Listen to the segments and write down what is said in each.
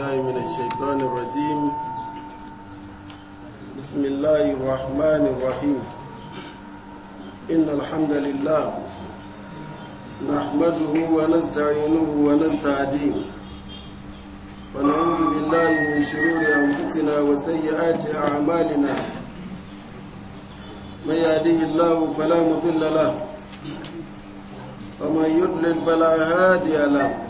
بالله من الشيطان الرجيم بسم الله الرحمن الرحيم إن الحمد لله نحمده ونستعينه ونستعديه ونعوذ بالله من شرور أنفسنا وسيئات أعمالنا من يهده الله فلا مضل له ومن يضلل فلا هادي له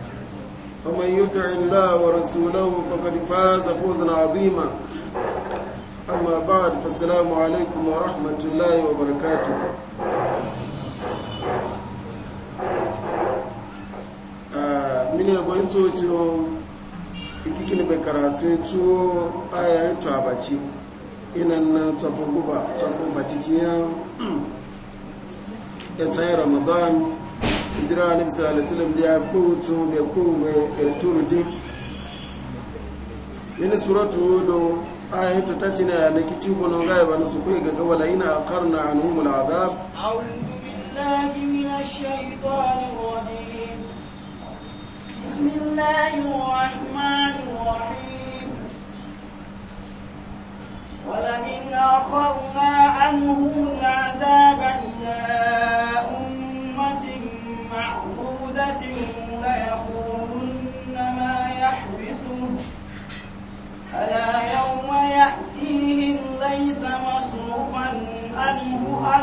ومن يطع الله ورسوله فقد فاز فوزا عظيما أما بعد فالسلام عليكم ورحمة الله وبركاته من يقول توتو ikikin bai karatu tuwo ayar tabaci inan na tafi guba tafi baci ciyan ya tsaye ramadan hijira na bisa alisalam da ya fi hutu da kogai turudin yana suratu da ayatu ta cina ya na su ga wala ina a karna a nuhumul azab بسم الله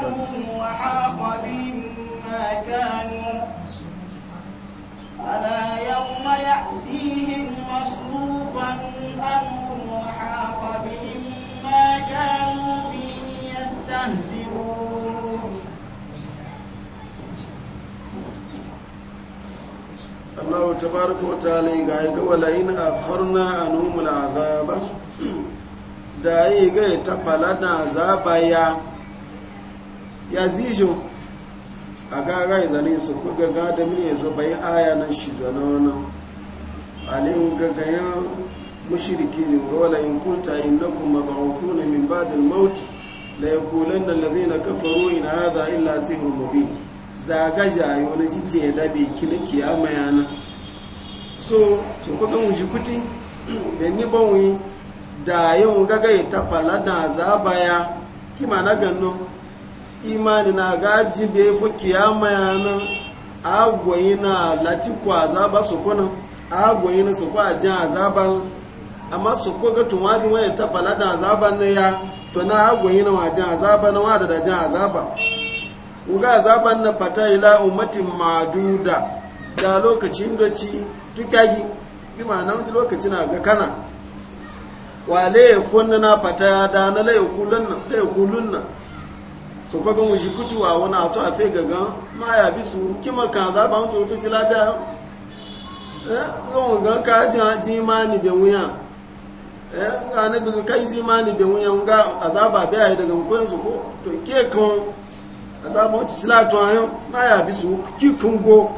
لعنهم وحاق بهم ما كانوا ألا يوم يأتيهم مصروفا أمر وحاق بهم ما كانوا به يستهزئون الله تبارك وتعالى قال ولئن أخرنا عنهم العذاب da yi gai ta falada zabaya ya zijo a gaga su ku gaga da mini ya zo bai aya nan shi da na wani alim gaga ya mushiriki ne wala in kunta innakum mab'ufuna min ba'd al-maut la yaqulanna alladhina kafaru in hadha illa sihrun mubin zaga jayo na shi ce da bi kin kiyama yana so su ku mu shi kuti da ni ban wi da yau gaga ya tafalla da baya kima na gano. imani na gaji be fo kiyama yana agwayi na lati ko azaba soko nan agwayi na soko jin azaban amma soko ga tun wajin wani ta falada azaban na ya to na agwayi na wajin azaban na wada da jin azaba uga azaban na fata ila umatin maduda da lokacin doci tukagi bi ma'ana wani lokacin na ga kana wale funna na fata ya da na laye kulun nan so kwa gan wuji kutuwa wani ato a fe gagan ma ya bi su kima kan za ba mutu to ti lada eh gan gan ka ji ma ni bi wuya eh ga ne bi kai ji ma ni be wuya ga azaba be yi daga ko yanzu ko to ke kan azaba mutu ti lada ayo ma ya bi su ki kun go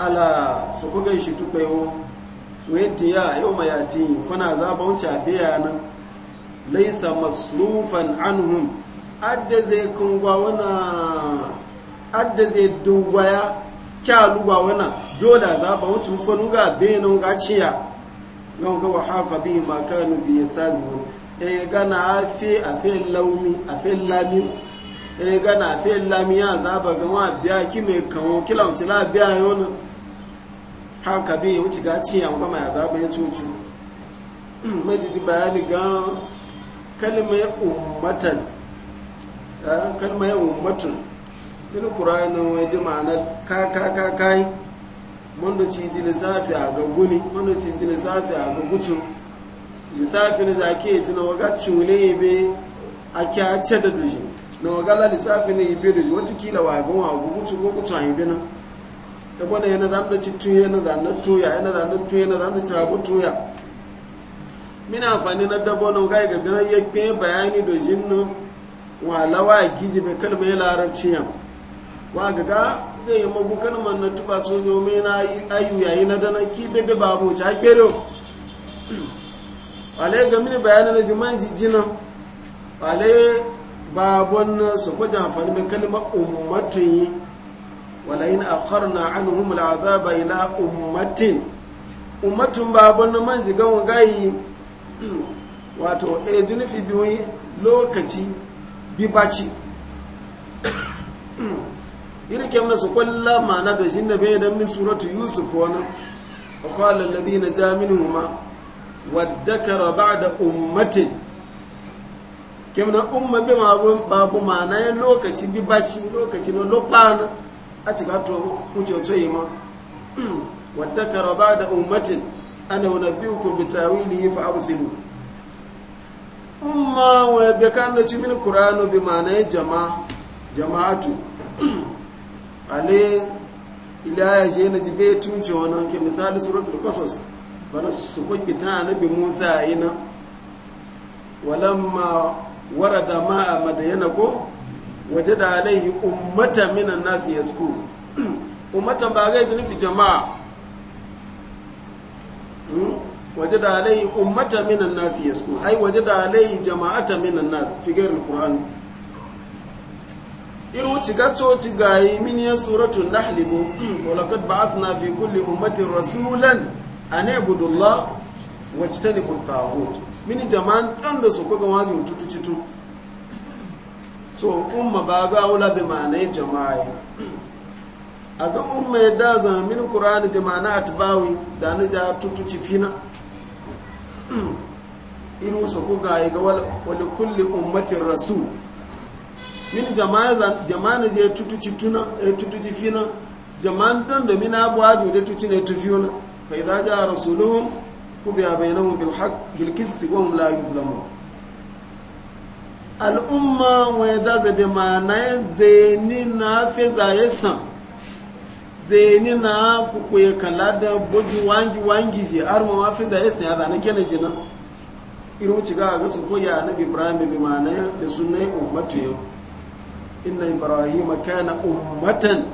ala so ko ga shi tupe wo we ya yau ma ya ti fana azaba mutu a be ya nan laisa masrufan anhum adda zai kungwa wana adda zai dogwaya kyaluwa wana dole za ba wuce mufanu ga benin ga ciya gan ga wahaka bi ma kanu bi yastazimu e gana afi afi laumi afi lami e gana afi lami ya za ba ga wa biya ki mai kawo kila wuce la biya yona haka bi wuce ga ciya ga ya za ba ya cucu mai jiji bayani gan kalmar ummatan eh, kalmai ummatun min qur'anin wai da ma'anar ka ka ka kai mun da ci lissafi a ga guni mun da ci lissafi a ga gucin lissafi na zake ji na waga cule be a kyace ce da dushi na waga la lissafi na ibe da wata kila wa ga wa gugucu ko kucu a ibe nan ta bane yana zan da ci tuya yana zan da tuya yana zan da tuya yana zan da ci tuya mina amfani na dabo na ga ga ganin yake bayani da jinnu wa lawa gizi be kalma ya larabci yan wa ga ga ga yamma bu kalman na tuba su yo me na ayu yayi na dana ki ba be babu ta kero wale ga mini bayani na jiman jijina wale babon su kwaje amfani be kalma ummatun yi wala in akharna anhum al'azaba ila ummatin ummatun babon na manzi ga gayi wato e junufi biyu lokaci bibaci iri mana su kwalla ma'ana da shin da bai da min suratu yusuf wani وقال الذين جاء منهما وادكر بعد أمة kemna umma bi ma babu mana yin lokaci bi lokaci na lokpan a cikin to mu tsoye yi ma wadda karaba da ummatin ana unabbiukum bitawilihi fa absilu umma wa bekanda ci min qur'anu bi ma'ana jama'a jama'atu ale ilaya je na jibe tunce wannan ke misali suratul qasas bana su kuke ta annabi Musa ina walamma warada ma madayana ko wajada alaihi ummatan minan nasi yasku ummatan ba ga fi jama'a وجد عليه أمة من الناس يسكون أي وجد عليه jama'ata minan الناس في غير القرآن iru ciga coci gayi ya suratun nahli mu walakad ba'athna fi kulli ummatin rasulan an ibudullah wa tajtanibu at-taghut mini jama'an dan da su koga wani tutucitu so umma ba ga wala bi ma'anai a aga umma ya da zama min qur'ani bi ma'ana atbawi zani tutu tutuci fina Hmm. irin su ku ga ga wani kulli ummatin rasul min jama'a na je tutuci fina jama'an don da mina abu hajji da tuci ne tufi wani fa idan ja rasuluhun ku ga bayanan bilkisti wa hum la yuzlamu al'umma wani ya zabe ma na zai ni na fi zaye san zeni na kukuye kala da boji wangi wangi je arma ma wafi yasa ya zana kene jina irin ci ga ga su ibrahim bi ma'ana da sunnai ummatu yau inna ibrahim kana ummatan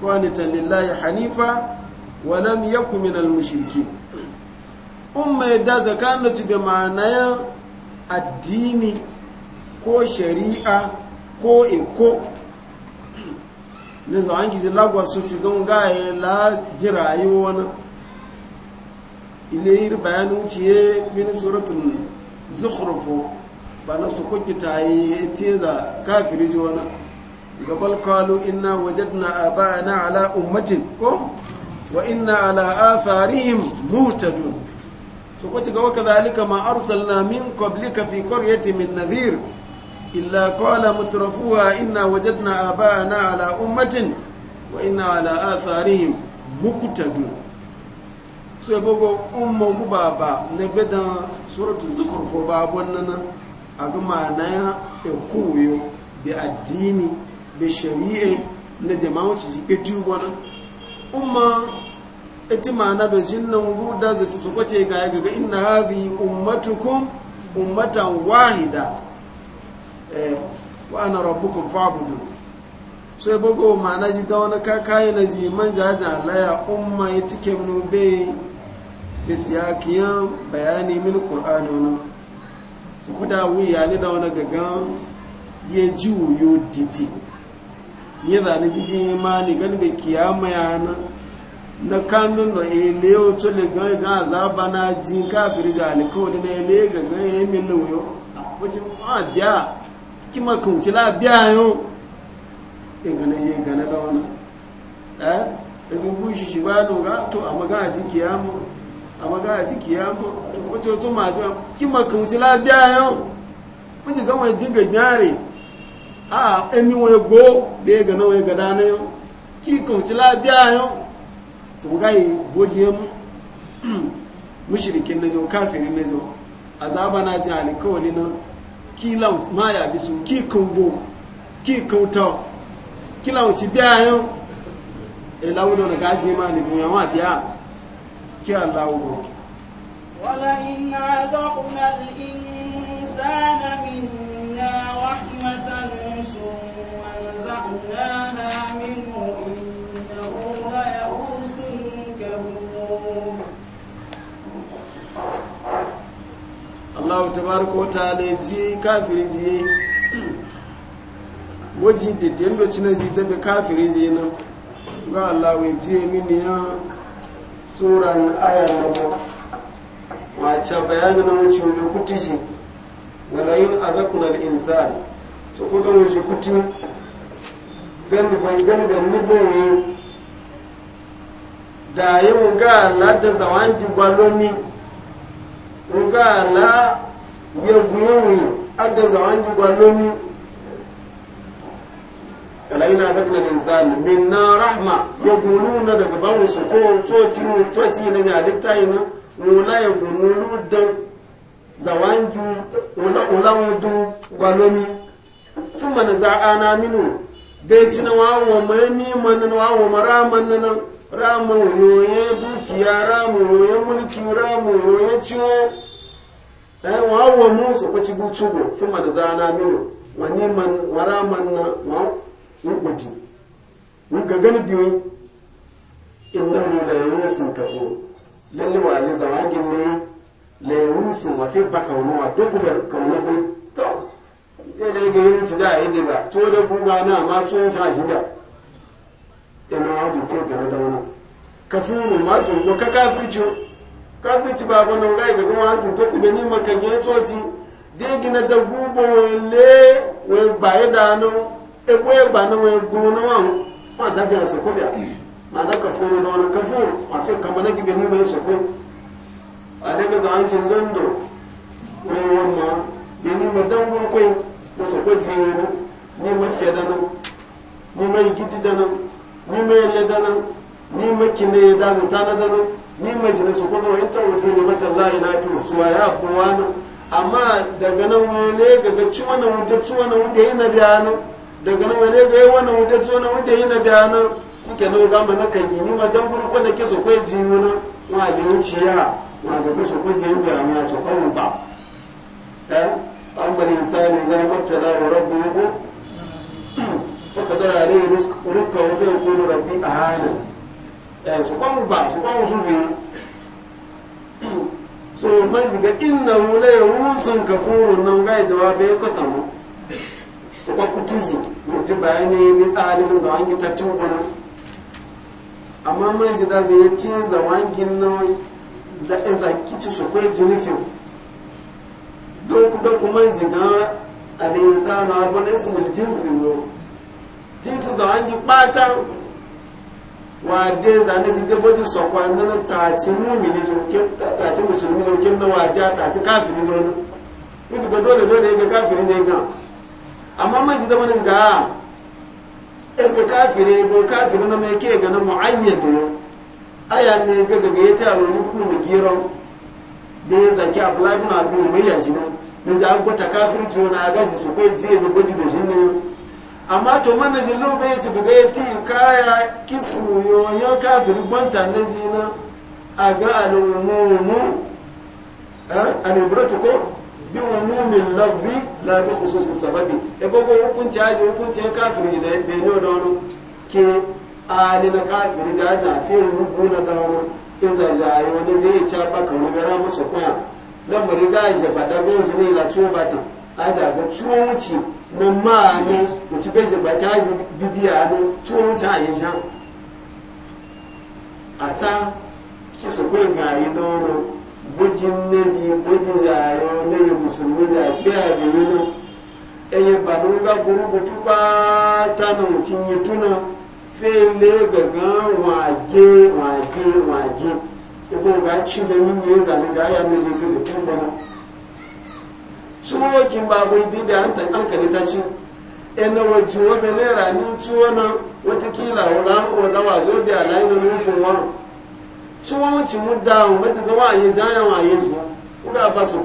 qanitan lillahi hanifa wa lam yakun min al mushrikin umma da zakan da ci bi ma'ana addini ko shari'a ko iko ne za an gizi lagos su ti don gaye la jira yi wani ile yiri bayanin ciye mini suratun zukhrufo ba na su kuki ta yi tiye da kafiri ji wani gabal kalu inna wajadna abana ala ummatin ko wa inna ala atharihim mutadun su kuci gawa ka zalika ma arsalna min qablika fi qaryatin min nadhir إلا قال مترفوها إنا وجدنا آباءنا على أمة وإنا على آثارهم مقتدون so bogo umma ku baba na beda suratu zukur ba babon a ga mana ya koyo da addini da shari'a na jama'a ci ke tubo umma ita da jinnan guda da su kwace ga gaga inna hadhi ummatukum ummatan wahida Eh, wa ana rabbukum fa'budu sai bugo ma na ji da wani karkayi na ji man jaja laya umma ya tike mu be da siyakiyan bayani min qur'ani wani su kuda wuya ni da wani gagan ya ji wuyo didi ni da ni ji imani galbe kiyama yana na kanun da ile o to le gan ga azaba na jin kafiri ja alkawli na ele gagan ya min ko wajen ma biya kima kan wuce labiya a mushirikin na zo kafirin na zo azaba na ji halikawali na kí láwọn máa yà bí sùn kí kan gbò kí kan tán kí láwọn ti bí ayán ẹ̀láwọ́ lọ́nà gájí máa nìbò àwọn àbíá kí aláwọ̀ bọ̀. wọ́lá iná lọ́kùnrin Allah ta tabaraka wa ta'ala ji kafiri ji yi waji da tendo cina ji ta bi kafiri ji na ga Allah wai e ji mini ya tsura na ayar na ba wace bayanin na wuce mai kuti shi wala yin arakuna da insan su kuka wuce kuti gani da nubowe da yi mu ga Allah da zawangi gwalomi nga la yegunyewi yi zawanji gwalomi kala ina zakna linsan minna rahma na daga bawo su ko coci coci na ya yi na wula yagululu da zawanji wula wula wudu gwalomi tuma na za'ana minu bai ci na wawo mai ni man na wawo mara man na ramu yoye dukiya ramu yoye mulki ramu yoye ciwo ɗaya eh, wa mu su kwaci bucugo sama da zana miyo? wani man wa raman na ma nukuti ga gani biyu nan mu da yi sun kafo lalle wa ne zama gini le rusu wa fi ba kaunu wa duk da kaunu ba to dai dai ga yi ci da yi ba to da buga na ma tun ta shiga yana waje ke na da wani kafuru ma jungo ka kafirci kafirci ba ba nan rai ga kuma an jungo ku gani makan ya coci dai gina da gubo da nan ebo ya ba nan na wani ma da ta so ko biya ma da kafuru da wani kafuru a fi kama na gibe ni mai so ko a daga ma dan wani kwai da so ko ma da nan da nan ni mai yadda dana ni maki ne ya dazin ta na dana ni mai shi na su kuma wani tawafi ne mata layi na to su wa ya kuma nan amma daga nan wani ga ci wani wuda ci wani wuda yi na biya nan daga nan wani ga yi wani wuda ci wani wuda yi na biya nan kuke nan gama na kan yi ni ma dan burko na ke su kai ji wani ma da wuciya ma gaga su kai ji yi biya ma su kawo ba ɓangare eh, sa ne zai mata da rabbi ko فقدر عليه رزق رزقه فيقول ربي أهانا يعني سبحان الله سبحان سوفي so man shiga inna wula ya wusun kafurun nan ga ya jawabe ya kasa mu so kwa kutiji ya ji bayani ni ɗalibin zawangi ta tubuna amma man shi da zai yi tiyan zawangin nan zaki ci su kwai junifin don kuma man shiga abin insano abin ismul jinsi yau jinsi da wangi bata wa de za ne jinga bodi so kwa na ta ci mumini jo ke ta ci musulmi jo ke na wa ja ta ci kafiri jo ne ko dole dole ga kafiri ne ga amma mai ji da mana ga e ga kafiri ko kafiri na mai ke ga na muayyadu aya ne ga ga ya ta ro ku mu giro be za ki abla ibn abi umayya jina ne za ku ta kafiri jo na ga shi su ko je be godi da jinne amma to mana nazi lobe ya ci ya ti kaya kisu yoyon kafin gwanta na zina a ga al'ummu eh, al'ibratu ko bi umumin lafi labi khususin sababi ya e gogo hukunci aji hukuncin kafin da ya yi dono ke ali na kafin da aji a rubu na dono iza e jayi wani zai yi caba ka wani gara musu kwaya lamarin gaji ba da gozu ne la tubata aji a ga ciwon na maa ni òtí bẹ́sẹ̀ gbàjá ìsìn bíbí àánú tí wọ́n ń ta àyè já àṣà kí sọ̀kọ́ ìgbà ayé lọ́wọ́ bójí lẹ́yìn bójí ààyè lẹ́yìn mùsùlùmí rẹ̀ gbé tuba ta ẹ̀yẹ bàdúrúgbà burúkú tó bá tánà òtí yẹn túnà fẹ́ẹ́lẹ́ gàngán wọ́n àjẹ́ wọ́n àjẹ́ wọ́n àjẹ́ ìfowópamọ́ àti ṣùgbọ́n mímú ẹ̀zà lẹ́yìn àyà méje gbẹ̀gbẹ̀ tó bọ́ náà. suma wakin babu yi da hankali ta ci ji waje wani naira ni ci wani watakila wala wala zo biya na yi na nufin wani suma mudda wata da wa'ayi zanen su kuka ba su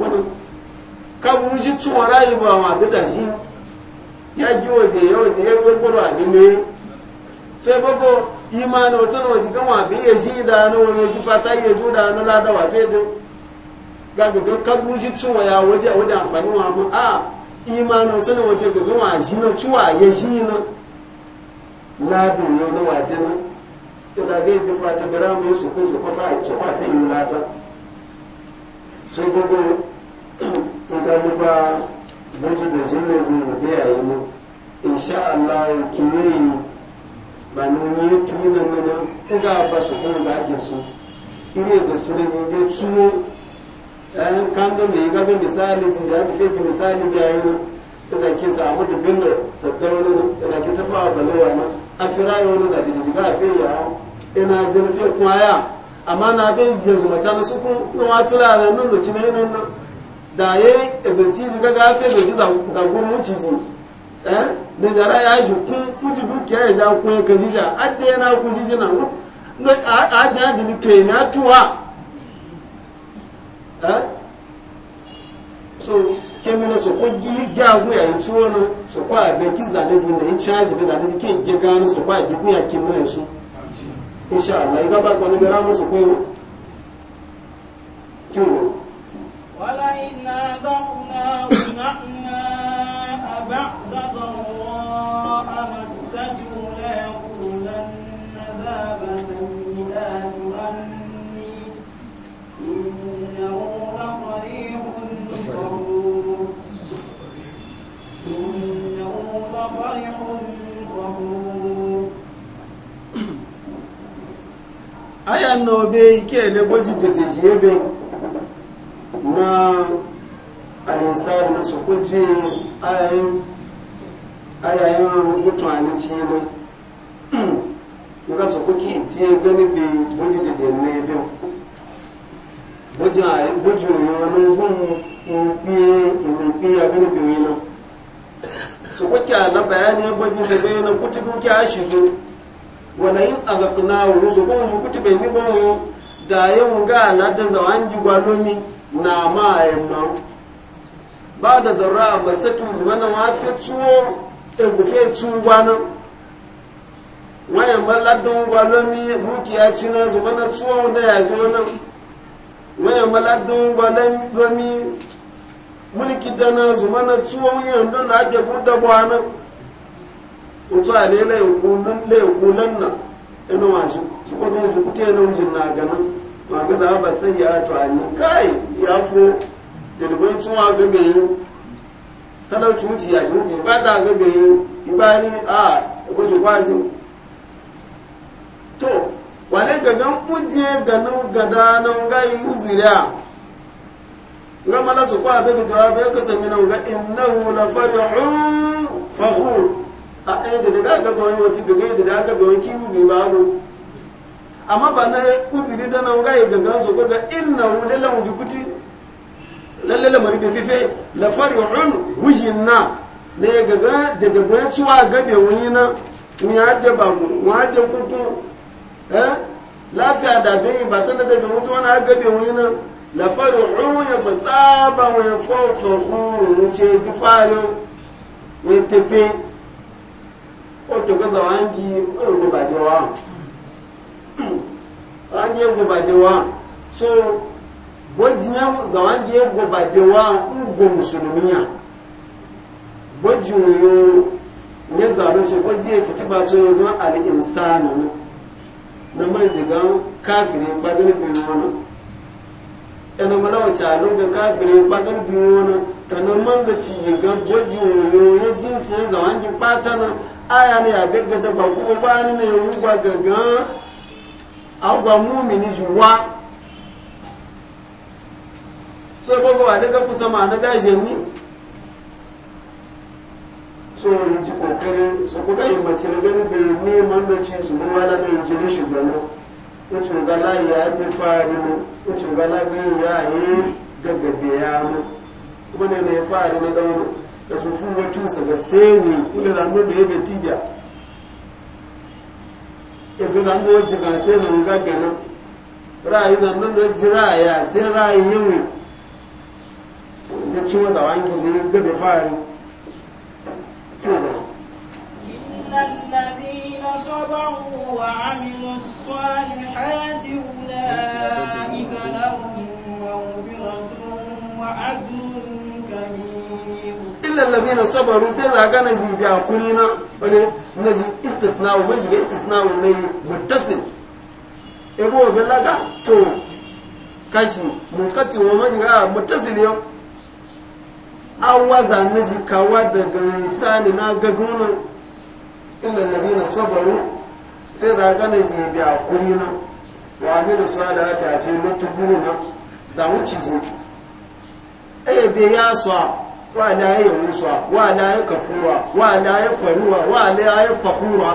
ka bu ji tuwa rayu ba ma duka shi ya ji waje ya waje ya gwargwaro a ne na waje gama biya shi da na wani waje fata zo da na fe fedin ga gaga kaburu ji tsuwa ya waje waje amfani wa mu a imanin sanin waje gaga wa shi na tsuwa ya shi na ladun yau na waje na ita ga yi tafa ta gara mai su ko su kwafa a ce kwa ta yi lada sai gogo ita duba waje da jinnan zuwa biya yi mu insha Allah kimayi ba ne tunan ne ko ga ba su kuma ga ke so ire da su ne zuwa ɗayan kan da ya gafi misali ji ya fi ta misali da yi na da zaki samu da binar sabbin wani da ke ta a balewa na a fi rayu wani zaki da jiga a fi ya ina jirfi kuma ya amma na bin jesu ta na suku na watula na nan da cina yanin nan da ya yi ebeci jiga ga fi da ji zagon muci ji da eh, jara ya ji kun kuji dukiya ya ja kun ya kaji ja adda yana kuji jina a ajiyar jini tuwa so kemina so ko gi gyagu ya yi ono so ko a bai kiza ne zuwa in caji bai zane ke gano so ko a gigu ya kemina su insha Allah idan ba kwanu gara so ko kiwo wala inna da'una na'am aya nna obe ike elegboji tete ebe na alinsari na sokoji ayayin rubutun anici na nuka sokoki ji gani boji tete na ebe boji oyo wani gun ipi agani bi na sokoki ala bayani boji tete na kutukun ki a wala yin azakna wu su ko fu kuti be ni bon da yin ga la da zawangi gwalomi na ma ayma ba da darra masatu zumana wa fi tuwo e ku fe tuwana wayan ma la don gwalomi na cina na tuwo da ya ji wannan wayan ma la don gwalomi mulki dana zumana tuwo yan don da ake burda bwana otu a ne laikunan nan na ina wasu su kwakwun su kuta yana wujin na ganin ma ga da ba sai ya to ani kai ya fo da dubai tuwa ga bayu talauci wuce ya ji ba ta ga bayu ibani a ko su to wale ga kuje ga gada nan ga yi ga mana su kwa bebe jawabe ka sami nan ga innahu la farihun fakhur a ɗaya eh, da daga gaba wani wacce daga yadda daga gaba wani kiwu zai ba mu amma ba na uziri da nan gaya gagan su gaga inna wu lalla wuji kuti lalla lamari da fife la farihun wujin na ne gaga da da gwa ciwa gabe wani na mu ya da ba mu wa da kuku eh lafiya da bai ba ta da da mutu wani gabe wani na la farihun ya ba tsaba wa ya fofa hu mu ce ji falo wai pepe oke gaza wangi ogo badewa wangi ogo wa? so bojinya za wangi ogo badewa ugo musulmiya boji yo ne zabe so boji e fiti ba to don al insanu na manzi ga kafirin bagani bin wannan ena mana wace alon ga kafire bi biyu na? tanar man da ci ga gwaji yoyo jinsi ya zawangi na? aya ne ya gaggata ba kuma ba ni ne wu ba gagan agwa mumini juwa so gbogbo wa daga kusa ma na gashe ni so yi ji kokari so kuka yi mace da gani bai neman da ce su ruwa da mai jini shugaba wucin gala ya ji fari mu wucin gala bai ya yi gaggabe ya mu kuma ne ne fari na daunin da fufun mutunsa da sewe kule zanu da yabe tibia ebe zanu wajen ga sai zanu gaggana ra'ayi zanu da jira ya sai ra'ayi yawi da ciwo da wani zai gabe fari وعملوا illal ladina sabaru sai za na naji bi hakuri na wani naji istisna wa maji ga istisna wa nayi muttasil ebo be laga to kashi munkati wa maji ga muttasil yau awaza naji kawa daga insani na gaguna illal ladina sabaru sai za ga naji bi na wa a ce lutubu na za mu ebe eh, ya so wa la ya rusa wa la ya kafura wa la ya faruwa wa la ya fakura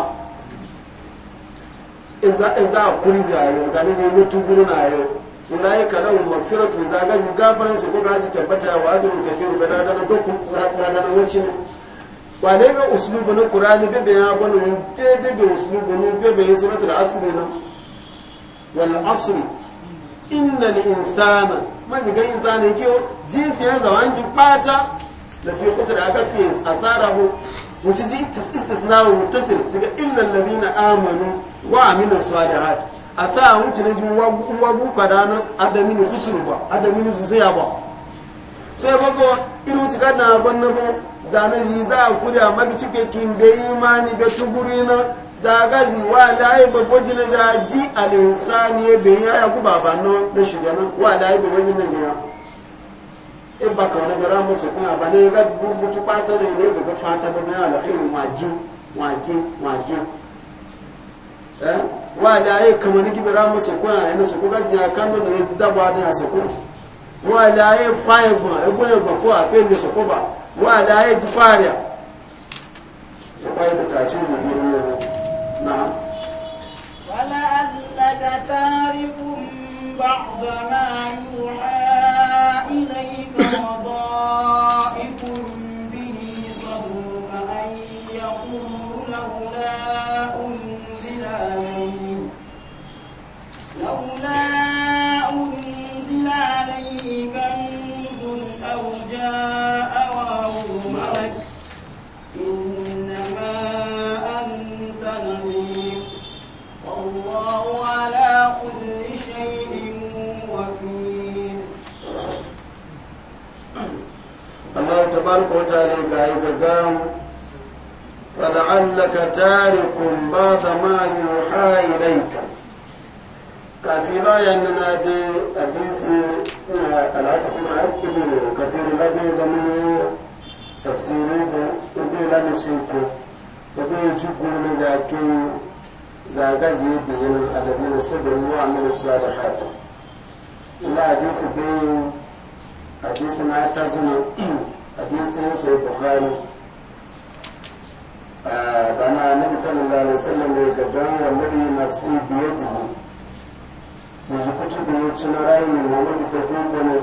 iza iza kunja yo zani zai mutu guruna yo ulai kana mafiratu za ga gafaran su ko ga ji tabbata wa ajrun kabiru bana da dokku na na wancin wane ga uslubu na qur'ani be be ya bana mun dede be uslubu ya be be suratul asr ne wal asr innal insana ga insana yake jinsi ya zawangi pata لفي خسر khusr في fi وتجي wuci متصل istisna wa الذين daga وعملوا الصالحات amanu wa amina salihat asa wuci ne wagu wagu kadana adami ne khusr ba adami ne ba so ya bako irin wuci kadana banna ba zane ji za a kuriya maka cike kin da imani ga tuguri na zagazi wa layi babbo jina za ji al ya bayan ya ku wa layi na jiya in baka wani gara musu kuma ba ne ga mutu fata ne ne fata ba na alkhairin waje waje waje eh wa da ai kamar ki bara musu kuma kan da ne da ba da su kuma wa da ai fayin ba ai boye ba fo a fe ne su kuma wa da ai ji fariya su kai da tace mu ne na wala allaka tarikum ba'da ma yuha تارك بعض ما يوحى إليك كثيرا يننا دي أبيسي الحديث مع ابن كثير لدي دمني تفسيره ابن لم يسوكو ابن يجوكو لذاكي زاغازي بين الذين صبروا وعملوا الصالحات إلا أبيس بي حديث ما تزنوا حديث يسوي البخاري sallallahu alaihi wasallam ya gaban wallahi nafsi biyati yanzu kutu da ya ci na rayu muhammadu ta gumbana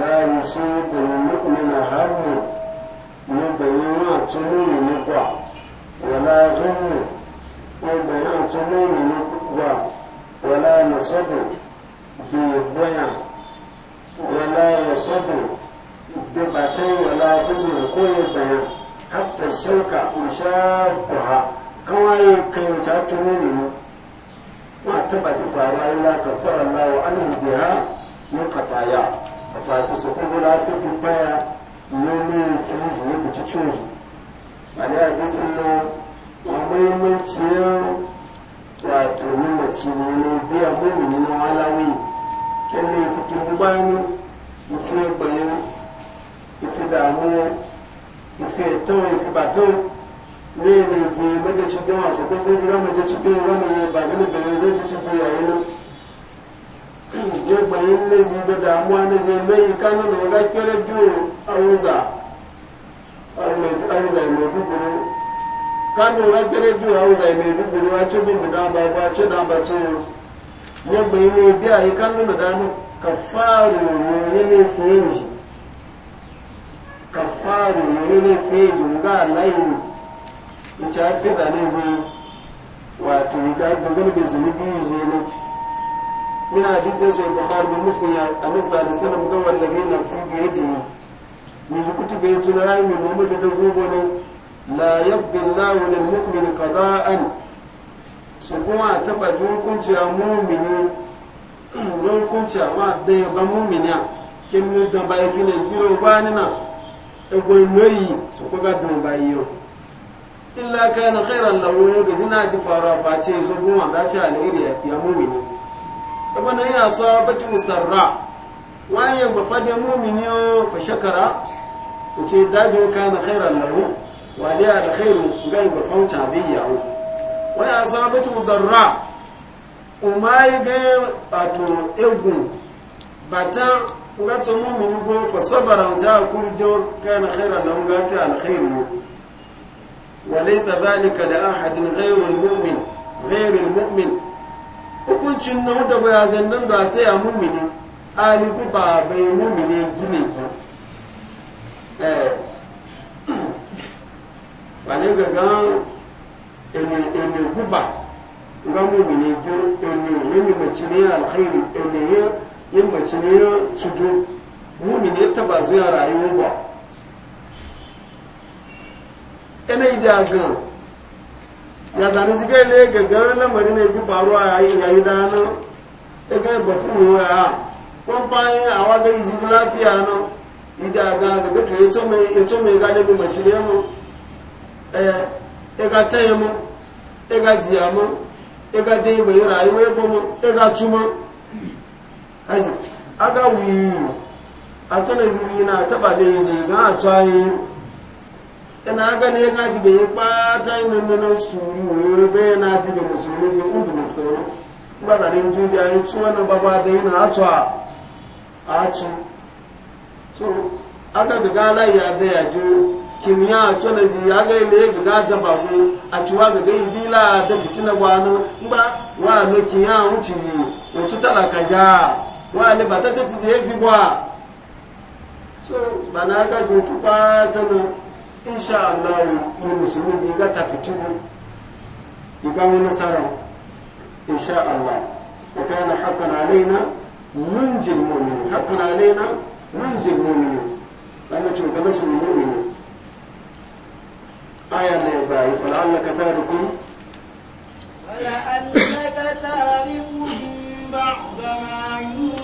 la da mu'mina harmu ni bayan wa ne ne kwa wala ko ghammu ni bayan ne ne kwa wala nasabu bi boya wala nasabu da batai wala kuzu ko ya bayan hatta shauka unshaquha kawai kai wata wani ne mu wa taba ta fara illa kafara Allah wa anhu biha min qataya fafati su kuma la fi kubaya nuni su ne ku cucu ne a gisin na wa ni wato mimmaci ne ne biya mumini na walawi kyan ne fikin bani mutuwar bayan ifi damuwa ife tán ìfipà tán ní ilé ìjìn méjèèjì bí wọn àṣùkú kó jẹ́ méjèèjì bí wọn mọ̀ ti bu ìyàwó lọ. Ìjọba yìí ń lézi gbọdọ̀ àmú anéze lẹ́yìn kánú ní ọ̀gá kéré bí o ìmọ̀ ìdúgbòrò. Kánú ọ̀gá kéré bí ìmọ̀ ìdúgbòrò tó o. Ìjọba yìí òun yẹn fún faru yoyo ne feji ga laini ya ci harfi da ne zai wato ga gbogbo bai bí biyu zai ne mina hadisai sai bukhari bin muslim ya annabi sallallahu alaihi wasallam ga wallahi nafsi bi yadihi bai mu da taba a ma da egwe noyi su kuga dun bayiyo illa kana khairan lahu ya ga zina ji fara face zo goma ba fi alheri ya mumini ibn ya sabatu sarra waye ba fadi mumini fa shakara uce daji kana khairan lahu wa li al khairu gai ba fauta biyahu wa ya sabatu darra umai ga ato egun batan kuga to mu mu ko fa sabara ja kurjo kana khairan lahum gafi al khairu wa laysa dhalika li ahadin ghayru al mu'min ghayru mu'min hukuncin nan da ba zan nan da sai a mu'mini ali ku ba bai mu'mini gine ki eh wale ga ga ene ene ku ba ga mu'mini ki ene ene macine al khairu ene yin mace ne ya cuto mumin ya taba zuwa rayuwa ba ina yi da ya zane shi gai ne gaggan lamarin ne ji faruwa yayi dana ya gai ba fi ne waya kwan bayan a waga yi ji lafiya nan ida ga gaga to ya to mai gane bi mace ne mu eh, ya ga taya mu ya ga jiya mu ya ga dai bai rayuwa ya ba ya ga cuma aji aga wuyi a cana zuri na taba da yi ne ga a tsayi ina aga ne ga ji bai ba ta yi nan suru ne bai na musulmi ne udu na tsoro ba da rin judi a yi tsuwa na baba da yi na atwa a atsu so aga daga ala ya da ya ji kimiyya a cana ji ya ga ile ga ga da babu a ciwa ga gai bila da fitina gwanu ba wa no wuce ne wuce talaka ja wọ́n ta bàtà tètè yafi fi bọ́ à so bàná agájọ tó bá tẹ́lẹ̀ insha allah ni musulmi yìí gá tafi tubu ìgbà wani nasara insha allah wata yana hakan alaina nunjil mu'minin hakan alaina nunjil mu'minin lana ce ga nasu mu'minin aya ne ba yi fala'allaka ta da kuma تارك بعض ما يوحى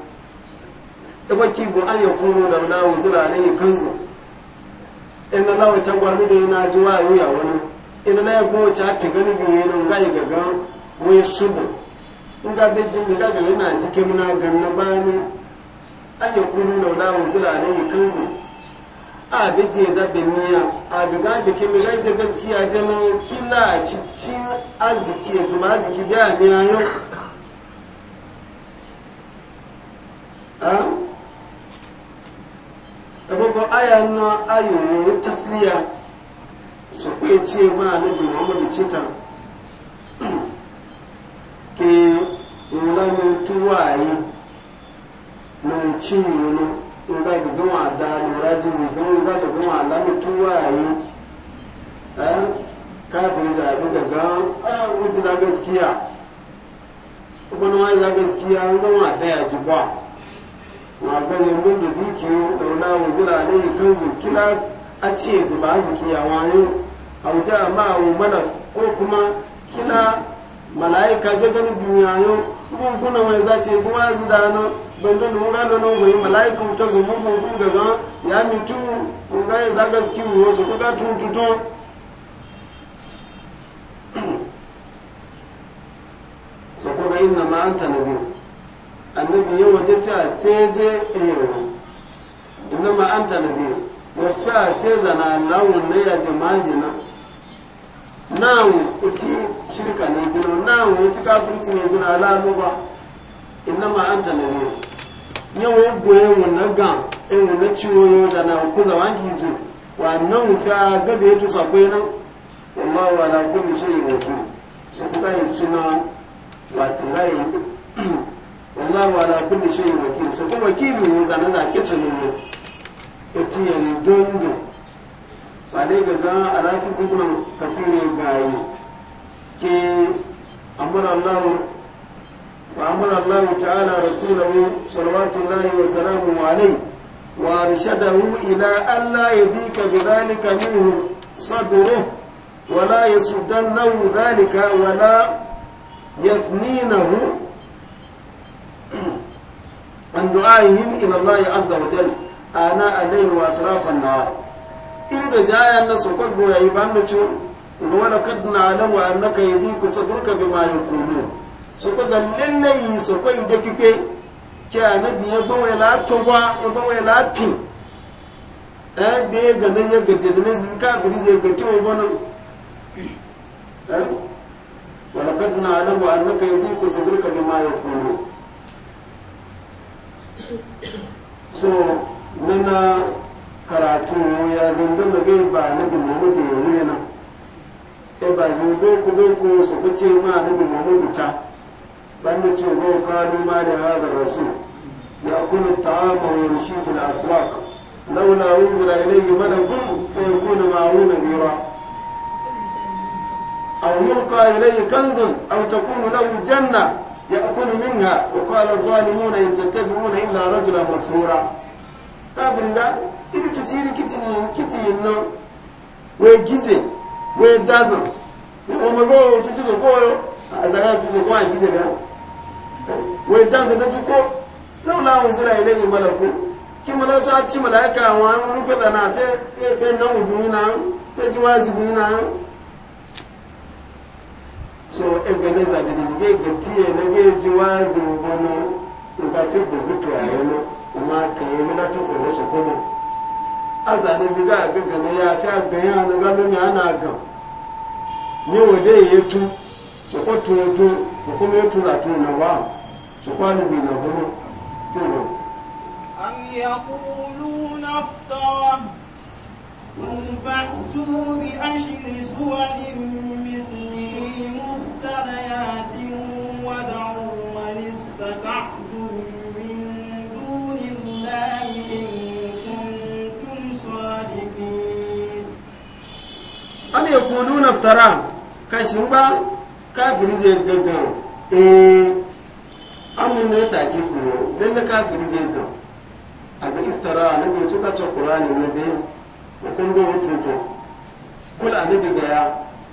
ebaki bu an yakunu da na wuzura ne kanzu in na lawa can gwarni da yana ji wa yuya wani in na ya gowa ci haka gani yana ga yi gaga wai sudu in ga bai jin gaga na ji kemuna bani an yakunu da na wuzura ne a da je da miya a gaga da kemi da gaskiya da na kila a cikin arziki tuma arziki biya miya agogo aya na ayoyo tasliya su kuwa ce ma nufin muhammadu cita ke nlamin tuwaye na mucin yana nga da gama da lura jizi don nga da gama lamin tuwaye eh, kafin zaɓi gaga a wuce za gaskiya wani wani za gaskiya gama da ya ji ba wa gane mun da dukiyo da wala wuzira alaihi kanzu kila a ce da ba ziki ya wayo a wuta amma a mana ko kuma kila malaika ga gani duniyayo kuma kuna mai za ce kuma zu da nan bandon wura da nan goyi malaika mutu su mun mun fun daga ya mitu ga ya za gaski wuyo su kuka tuntuto so kuma inna ma anta nabiyu annabi yau da fiya sai dai ewu inda ma an talabi wa fiya sai da na na ya jama'a na nawu uti shirka ne gino nawu ya ci kafirci ne jina alalu ba ma an talabi yau ya goye mu na gan wu na ciwo yau da na kuza wangi ju wannan fiya gabe ya tusa kwai nan su kuka yi suna Allahu ala kulli shay'in wakil so ko wakili ne zan da ke tsanin ne to tiye ne dondo ba dai ga ga alafi zubuna kafire gayi ke amara Allah fa amara Allah ta'ala rasulahu sallallahu wa salamu alayhi wa ila ولا يسدنه ذلك ولا يثنينه an du'a'ihim ila Allah azza wa jalla ana alayhi wa atrafan nahar in da jayan na sokol boye ban da cewa wa laqad na'lamu annaka yadhiku sadruka bima yaqulun sokol da lallai sokol da kike ke annabi ya bawa la togwa ya bawa la pin eh be ga ne ya gatte da ne bi zai wa bana eh wa annaka so nana karatu ya zanga daga gai ba na bin muhammadu ya wuya nan e ba zo doku doku su kuce ma na bin muhammadu ta banda ce ko kanu ma da hada rasu ya kuma ta'ama wa yamshi fil aswaq laula unzila ilayhi malakun fa yakuna ma'una dhira aw yulqa ilayhi kanzun aw takunu lahu janna يأكل منها وقال الظالمون إن تتبعون إلا رجلا مسهورا kafin da ibi tutiri kitiyin nan wai gije wai dazin omago tutu zo koyo a zagar tutu ko a gije ga wai dazin na tuko laula hun zira ilayhi malaku ki mu lauta ci malaika wa an na fe wazi so egene za de dige getiye na ge jiwazi mbono ukafi bubutu ayeno uma kayeme na tufu woso kono aza ne ziga agagane ya fi aganya na galo mi ana agan ni wode yetu so ko tutu ko kuma yetu za tu na wa so kwa ni na bono tuno am yaquluna iftara قل فأتوا بعشر سور مثله ame kudu naftara kashiruba kafin zai gaga ee amin na take kuma don na kafin zai ga a ga iftara na gaito kacce kura ne na biyu da kundin hutu kula na bigaya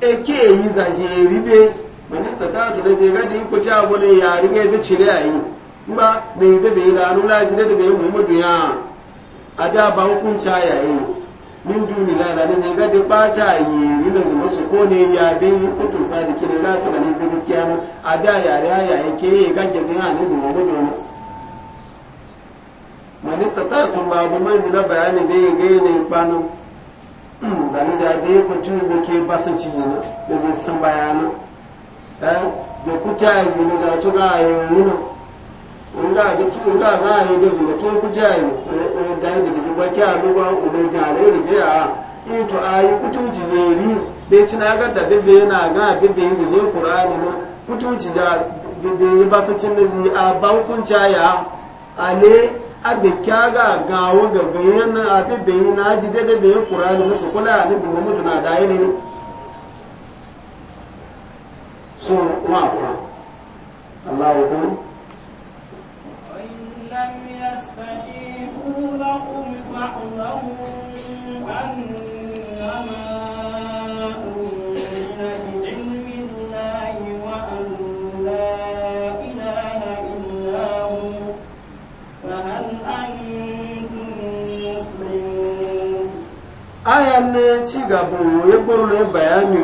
eke yi zaje ya ribe minista ta tuna je gadi iko ta abu ne ya ribe bai cire a yi kuma da yi bai bai lanu laji da bai muhammadu ya a da ba hukunca ya yi min duni lada ne zai gadi bata yi rina su masu ko ne ya bai yi kutu sa da kire lafi da ne da gaskiya na a da yare ya yi ke yi gajje ga yana ne muhammadu ya minista ta tun babu manzila bayani bai yi ne kpa no. Hmm, zane ja da ya kwanci ne ke basan cinye na da zai san bayanu eh, da kuta a yi na zace ba a yi nuna wanda a duk wanda za a yi da zuwa to kuta a yi da yi da dubu ba ki a duba ubai jare da biya a in to a yi kutunci ne ri bai ci na gada da bebe yana ga bebe yi da zai kur'ani na kutunci da bebe yi basacin da zai a bankun caya a ne abe kyaga gawo ga ganyen na abe bayi na aji daidai bayan kurani na sokola ya nabi muhammadu na da yanayi so ma fa Allah wa kun lam yastajibu lakum fa'lamu annama aya ne ci gaba ya gburu na bayani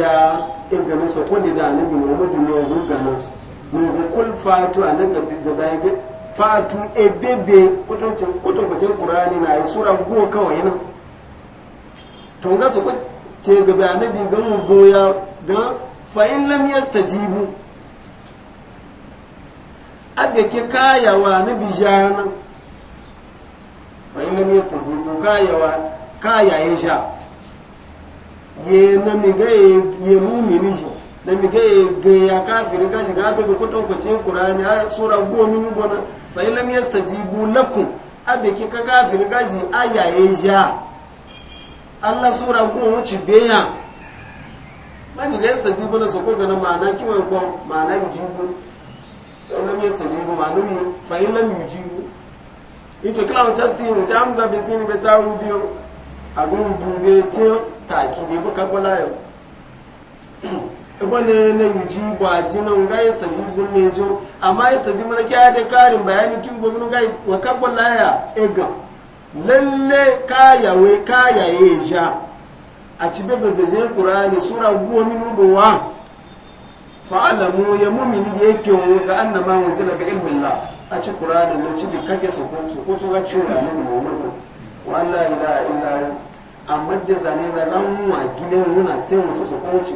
ya igana su kwani da annabi Muhammadu ne ya gana su ne ga kul fatu annabi gaba ya ga fatu ebebe kutuncin kutuncin Qur'ani na yi sura go kawai nan to ga su ce ya annabi ga mu goya ga fa in lam yastajibu agake kayawa na bijana fa in lam yastajibu kayawa ka ya sha ye na migaye ye mumini shi na migaye ga ye ya kafiri ga ji ga be ko to ko ce qur'ani a sura go mi mi bona fa lam yastajibu lakum abe ki ka kafiri ga ji ayaye sha Allah sura go mu ci beya maji ga yastajibu na so ko ga na ma'ana wai ko ma'ana in lam yastajibu ma'ana fa lam yujibu ito kila mchasi mtamza bisini betawu biyo agun bube tin taki ne buka gwala yau e wani na yuji gwaji nan ga yi saji gurme jo amma yi saji mana kya da karin bayani tun gobe ga wa kabon laya ega lalle kayawe ya ja a ci bebe da zai kurani sura guwa min ubowa fa'alamu ya mumini zai wani ga an na ma wanzu daga a ci kurani na ci bi kage sokoto ga ciwo ya wa amma da zane da ran wa gidan nuna sai mutu su kunci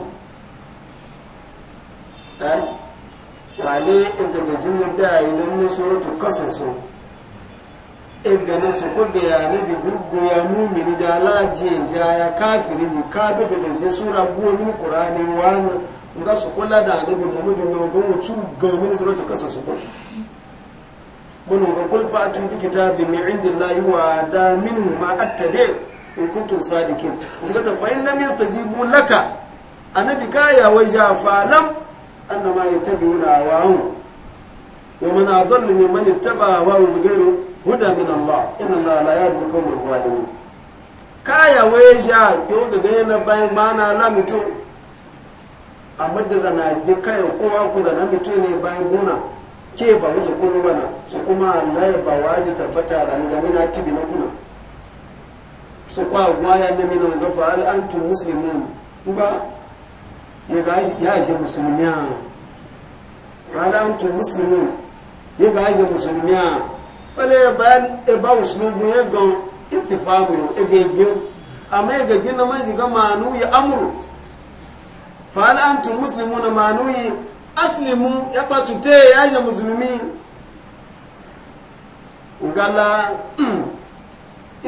eh wale inda da jini da yi don ne suratu kasan so inda na su kudu ya ne nabi gugu ya mumini ja laje ja ya kafiri ji ka bi da je sura buwa min qur'ani wani ga su kula da nabi muhammadu ne gon wucu ga min suratu su so mun ga kulfa tun bi kitabi min indillahi wa da minhu ma attabi' in kuntum sadikin kuka ta fa'in lam yastajibu laka annabi kaya wa jafalam annama yattabi'una awahum wa man adallu mimman ittaba awahu bighayri huda min Allah inna Allah la yahdi al-qawma al-zalimin kaya wa ja to ga yana bayan mana la mutu amma da zana bi kaya kowa ku da na mutu ne bayan muna. ke ba musu kullu bana su kuma Allah ya ba waje tabbata da zamina tibi na kuna so kwa gwaya na mina ga fa al antum muslimun ba ya ga ya je musulmiya fa antum muslimun ya ga je musulmiya wala ya bayan e ba usulubu ya gon istifamu e ga gin amma ya ga gin na manzi ga manu ya amuru fa al antum muslimuna manu yi aslimu ya patute ya je musulmi ngala hmm.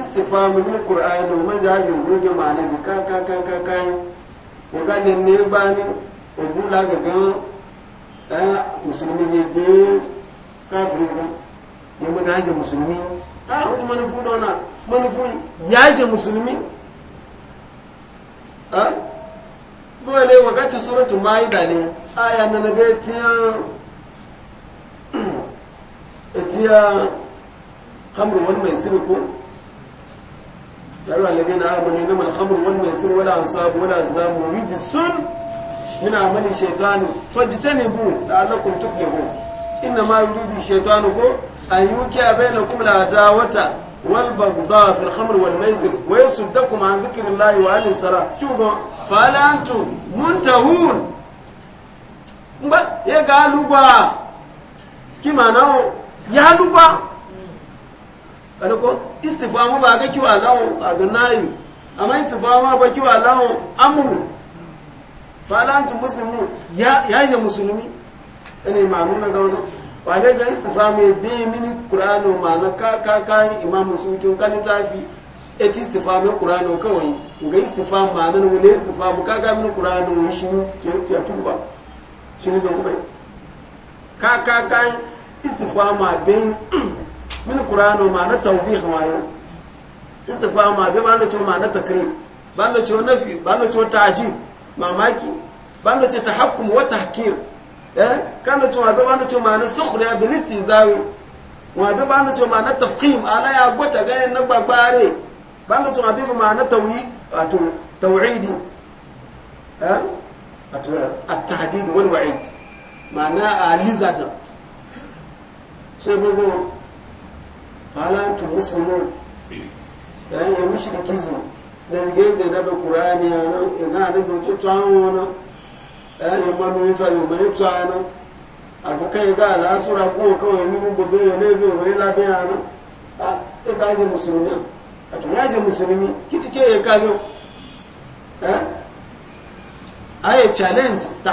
istifamu min qur'ani domin jajin goge ma'ana zika ka ka ka ka ko ga ne ne ba ni o ga eh, musulmi ne ga ne musulmi ah, musulmi ah, maida ne aya na wani mai sirri ko yana lagin na abu ne na malhamar wannan sun wada sabu wada zina mawiji sun yana mani shaitanu fajita ne bu da alakun tuk ne bu inda ma yi rubu shaitanu ko a yi wuki a bayan kuma da da wata walba guda a filhamar wani maizir wai su da kuma an zikin layi wa alin sara kyugo falantu muntahun ba ya ga lugba kima nawo ya lugba kada ko istifamu ba ga kiwa lawo a ga amma istifamu ba kiwa lawo amuru ba la antum ya ya ya musulmi ene mamun na gawo ba ga ga istifamu be mini qur'ano ma na ka ka ka imamu kan tafi eti istifamu qur'ano kawai ga istifamu ba nan wani istifamu kaga mini mini ya shi ke tuba shi ne ga kuma ka istifamu a istifamu min qur'ano ma na tawbih ma yo ma be ban ma na takrir ban nafi ban da mamaki ban da ce tahakkum wa tahkir ma be ban ma na sukhra bil istihzawi wa be ban ma na tafkhim ala ya gota ga na gbagbare ban ma be ma na tawi wato tawhidi eh at-tahdid wal wa'id ma'ana alizada sai hala tu musulun da ya mushriki zo da ga na da qur'ani ya no ina da to tawo no eh ya manu ita yo mai ta no ga la sura ko ko e ka je musulmi a to ya je musulmi kitike ya ka challenge ta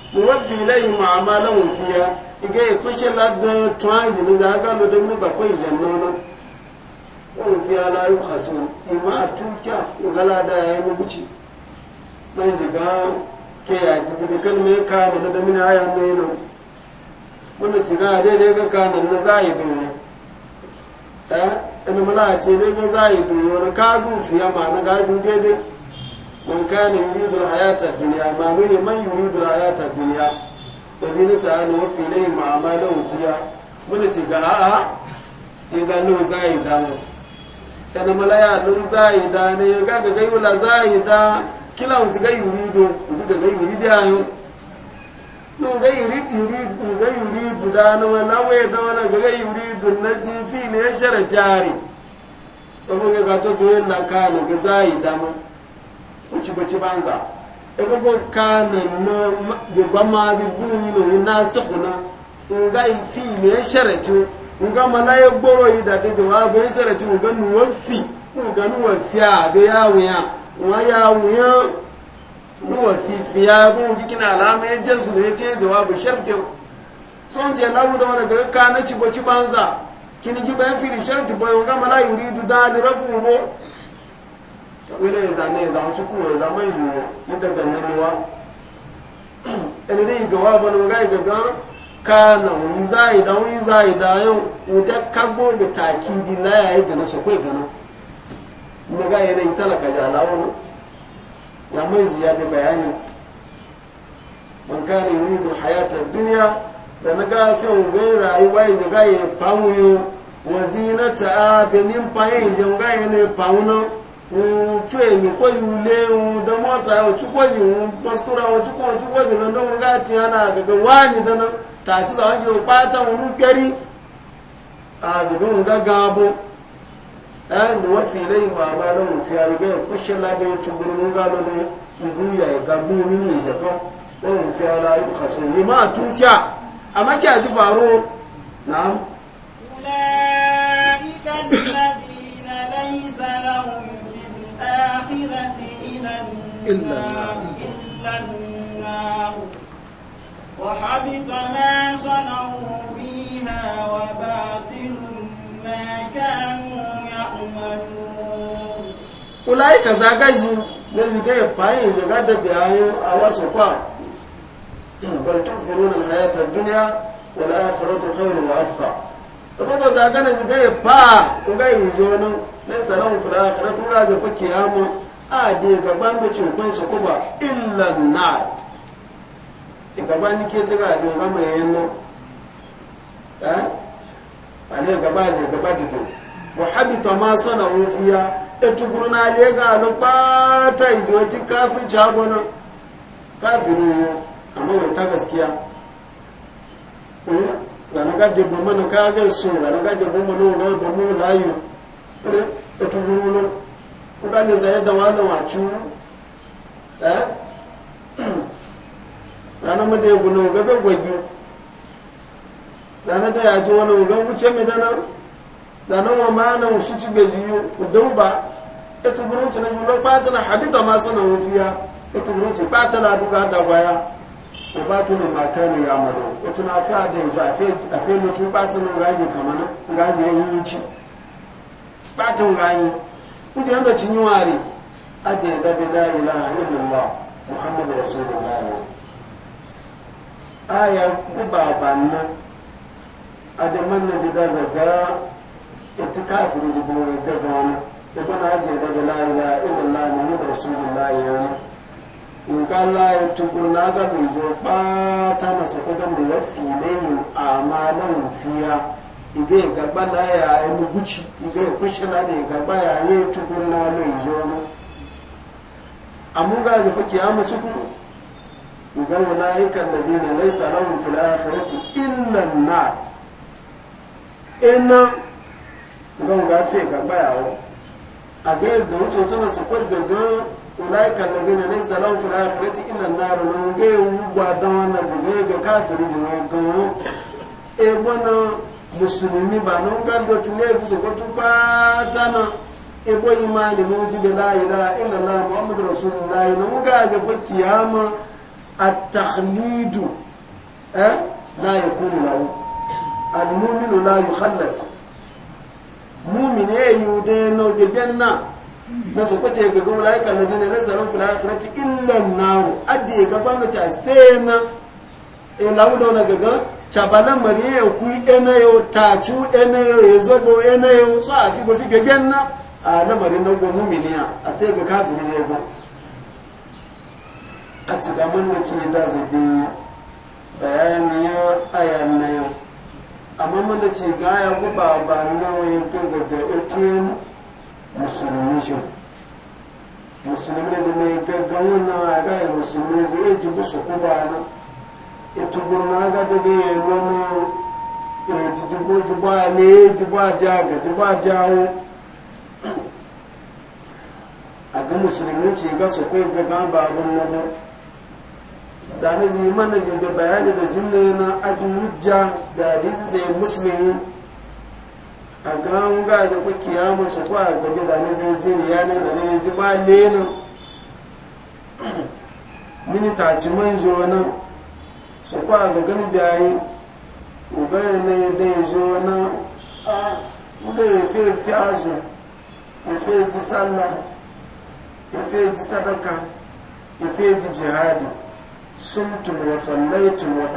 nuwajju ilayhim a'malahum fiha iga ya kushe ladda twanzi ne za ka lo na wa fiha da ya mu buci mai ziga ke ya ji ga ne ga na eh ina mala ce ne ga wani su ya na daidai من كان يريد الحياة الدنيا ما نري من يريد الحياة الدنيا وزينتها نوفي إليهم أعمالهم فيها mun ce ga a'a ya ga nun zai da ne kana malaya nun zai da ne ya ga ga yula zai da kila mun ga yurido mun ga yurido ya yo nun ga yurido mun ga yurido da ne wala waye da na jari to mun ga to to zai uchibo chibanza ebogo na gbogbo ma na sekuna nga fi nga malaye gboro yi da wa nga nga nu wa fi ya wuya nu ya bu kikina alama ya jazu ne jawabu sharatu son je na da wala ga kana kini giba wele eza ne eza nchukwu eza manju yadda gannanewa ɗan dai ga wa bana ga ga gan ka na wani zai da wani zai da yau wuta kagbo da taki di na ya yi gana sakwai gana na ga yanayi talaka ya lawon ya mai ya da bayani yi kana yuridu hayata duniya sana ga fiyan gai rayuwa ya ga ya famu yo wazinata benin fayin ya ga ya ne famu nan ntú èyí kó yìí lé ohun dánmọ́ta ohun tí kó yìí ohun pọ́sítọ́rọ̀ ohun tí kó ohun tí kó yìí lọ́dọ́ wani láti hàn àgbègbè wáàní dáná tààtí làwọn yóò pátá ohun ní gẹ́rí àgbègbè ohun gángan abó ẹni wọ́n fi ilé ìwà àwọn alóhùn fi ayẹyẹ ìkóṣe lábẹ́ ojú gbogbo ń gá lọ́lẹ́ ìlú ìyà ìgbàgbó omi ní ìṣẹ̀kọ́ ohun fi ara ìkàsọ̀ yìí máa tún kíá àmọ́ kí àti fàárọ̀ الآخرة إلا النار وحبط ما صنعوا فيها وباطل ما كانوا يعملون أولئك زاغزوا Nezi ga yabba yin shiga da biyayen a wasu kwa, bal ta furu na hayatar duniya wani a faru ta hanyar da abuka. Ba ba za gane shiga yabba ko ga yin laisa lahum fil akhirati la jafa kiyama a de gaban da cin kun su kuma illa nar e gaban ni ke ta ga don ga mai yanno eh ale gaba je gaba dito wa habita ma sana wufiya etuguru na ye ga lo pata ijo ti kafiri jabona kafiri amma wai ta gaskiya da na gaje bomana ka ga so da na gaje bomana ga bomana layu kure otu guru no da ya gunu gabe gwagi ya ji wani wugan wuce mai ma na wasu ci na yulo kwata na habita ma sana wufiya ita guru ci kwata na duka da baya ko ba tunu ma ya mado ita na fi a da na gaji batin gani mutum yadda cin yiwari aje ya dabi la ilaha illallah muhammadu rasulullah aya guba banna adaman na zida zaga ita kafin zubo ya daga wani ya kuna aje ya dabi la ilaha illallah muhammadu rasulullah ya nǹkan ńlá ètùkù náà gàgbé ìjọ pátá na sọ̀kọ́gàmù ne àmà lọ́wọ́ fìyà ibe gagba na ya emuguchi ibe kweshina da gagba ya ye tukuru na lo ijono amunga zafa kiyama suku uga walaika alladhina laysa lahum fil akhirati illa an-nar ina uga uga fe gagba yawo aga da wuce tana su kwadda ga ulaika alladhina laysa lahum fil akhirati illa an-nar yi ugwa dan wannan ga kafiri ne ga ebona musulmi ba nun gando tune su ko tuba tana e bo imani mu jibe la ilaha illa allah muhammadur rasulullah no muga je fo kiyama at-takhlid eh la yakunu lahu al-mu'minu la yukhallad mu'mine yude no de janna na so kwace ga gumulaika na jina na zaran fil akhirati illa an-nar adi ga gwamnati sai na elawudo na gaga chabala mari e ku ene yo tachu ene yo ezogo ene yo so afi go fi gegenna ala mari na go muminiya ase ga kafiri je to a ci da mun wace da zabi bayani ya ayan na yau amma mun da ci ga ya ku ba ba na wayin kan ga ATM e musulmi shi musulmi ne zai mai gaggawa na ga musulmi zai e ji musu kuma na ìtùgbòrònága gẹ́gẹ́ yẹn lọ́nà ìtìtìgbò jùgbọ́ alẹ́ jùgbọ́ àjá àgà jùgbọ́ ce ga su kai ga gaba abin nabu zane zai mana zai da bayani da zinne na ajin hujja da hadisi sai musulmi a ga ga da ku kiyama su ku a gabi zane zai je ne yana da ne ji ma lenin minita ji man nan su kwa ga gani biyayi ugaya ne da ya zo na a muka ya fi fi azu ya fi ji sallah ya fi ji sadaka ya fi ji jihadi sumtum wa sallaitum wa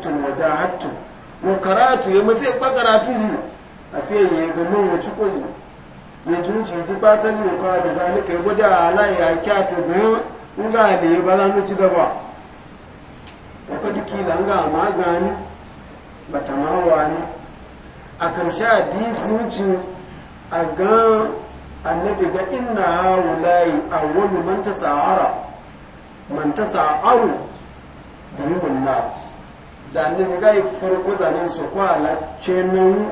tun wa tun. mu karatu ya mafi kwa karatu ji a fi ya ga mun wuce kuli ya ji wuce ji batali wa kwa da zalika ya gwada ala ya kyato ga yi in ga da ya ba za mu ci gaba fakadi kila nga ma gani ta ma wani a karshe hadisi wuce a gan annabi ga inna a wani man tasahara man tasaharu da yi munna zane su ga farko zane su kwala cenin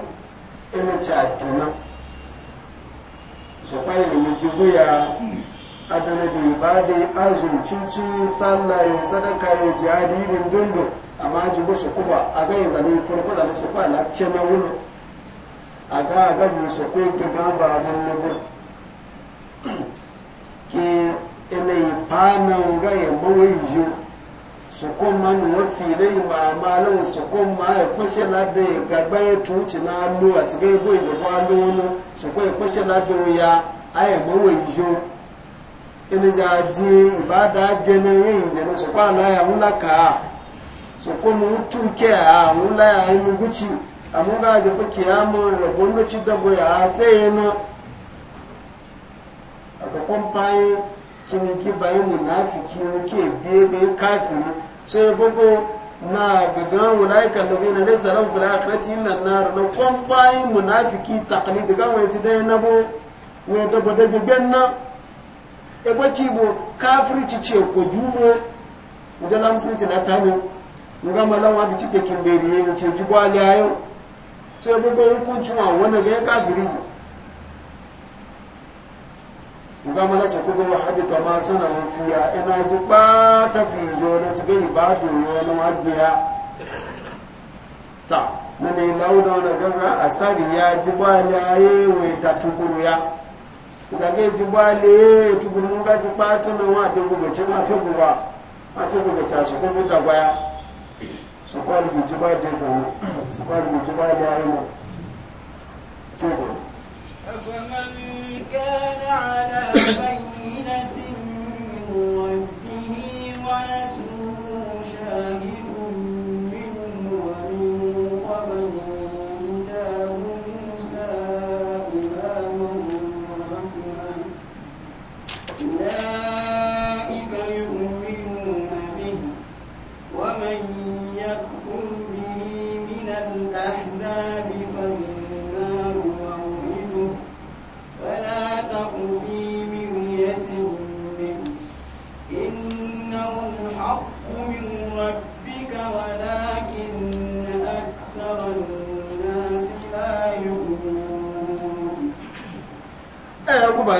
ina catina su kwaila yi guya adana bi ba dai azum cincin sallah yau sadaka yau jihadi ibn dundu amma ji musu kuma a ga yanzu ne farko da su na wuni a ga ga ji su ko ga ga ba mun na bu ke ina yi ga ya mawai ji su su ma ya kwashe da ba ya tuci na luwa ci ga boye ba luwa su ya kwashe ina ja ji ibada jene yin jene so kwa na ya mula ka so ko mu tuke a mula ya mu guci amuga je fa kiyamo da bondo ci da boya sai na aka kompai kini ki bayi munafiki ne ke bebe kafiri so ya bogo na gagan wulaika da zai na nesa ran fula akirati yin nan na rana kompai munafiki takalidi dega wai ti dai na bo wai da bo gbegbe na ebe kibo kafirci ce ko jumo uga na musulunci na tabo uga malawa bi cike kimberi ne ce ji gwali ayo so ebe go hukuncin wa wanda ga kafiri uga mala so kugo wa hadita ma sana mun fiya ina ji kpata ta fi yo na ti ga ibadu yo na wajiya ta na ne lauda na gaga asari ya ji gwali ayo we ta tukuru ya zage jiba ba le tukun mun gaji bata na wa da gobe ce ma fi guba ma fi guba ta su kuma da baya su kwari bi ji ba da da su kwari bi ji ba da yayi mu tukun أفمن كان على بينة من ربه ويتلوه شاهدا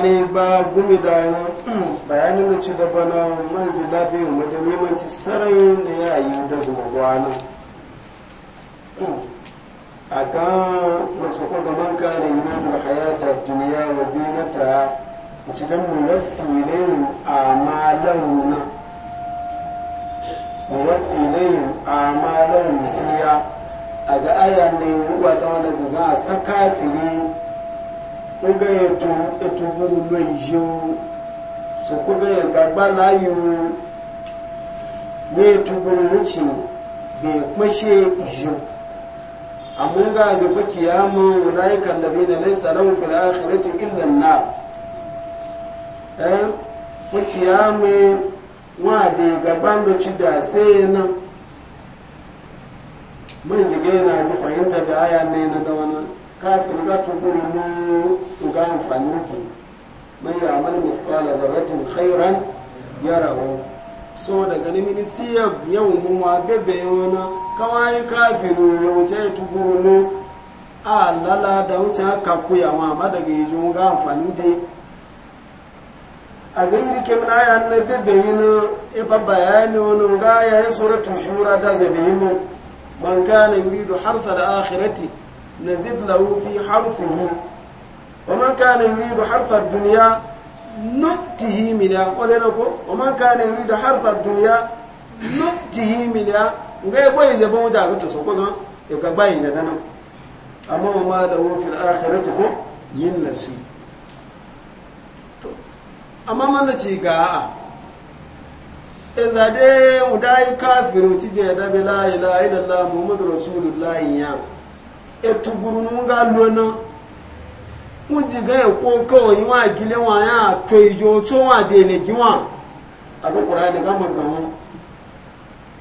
ni ba gumi da yana bayanin da ci da bana manzi lafiyar da mimanci sarayin da ya yi da zuwa gwana a kan masu kogaman kare yunan da hayata duniya wa zinata a cikin mulafilin a malaruna mulafilin a malarun duniya a ga aya ne wadda wadda ga a sakafiri oge eto eto buru lo iye o so koge gagba layi o ne eto buru wuce bai kwashe iye amma ga zafi kiyama wulayi kallabe da nai tsaron fil akhirati illa na eh fa kiyama wa da gaban da ci da sai nan mun jige na ji fahimta da aya ne na da wannan kafin ga tukuru ne ga amfani ki mai ya amal mithqala dharratin khairan yarahu so daga ni mini yau mu ma gabe yona kawai kafin ya wuce tukuru ne a lala da wuce haka kuya ma ma daga yi ga amfani da a ga iri kemin aya na bebe yi na ifa e bayani wani ga ya yi suratun shura da zabe yi mu man kana yuridu harfa da akhirati نزيد له في حرفه ومن كان يريد حرث الدنيا نؤته منها ولنكو ومن كان يريد حرث الدنيا نؤته منها ngai boye je bon da rutu so kuma ya ga bayin da nan amma ma da wo fil akhirati ko yin nasi to amma man ci ga a ezade mudai kafiru ci je da bila muhammadur rasulullahi ya etuguru nunga lona mujiga eko ko iwa gile wa ya to ijo to wa de ne giwa aga qur'ani ga man kan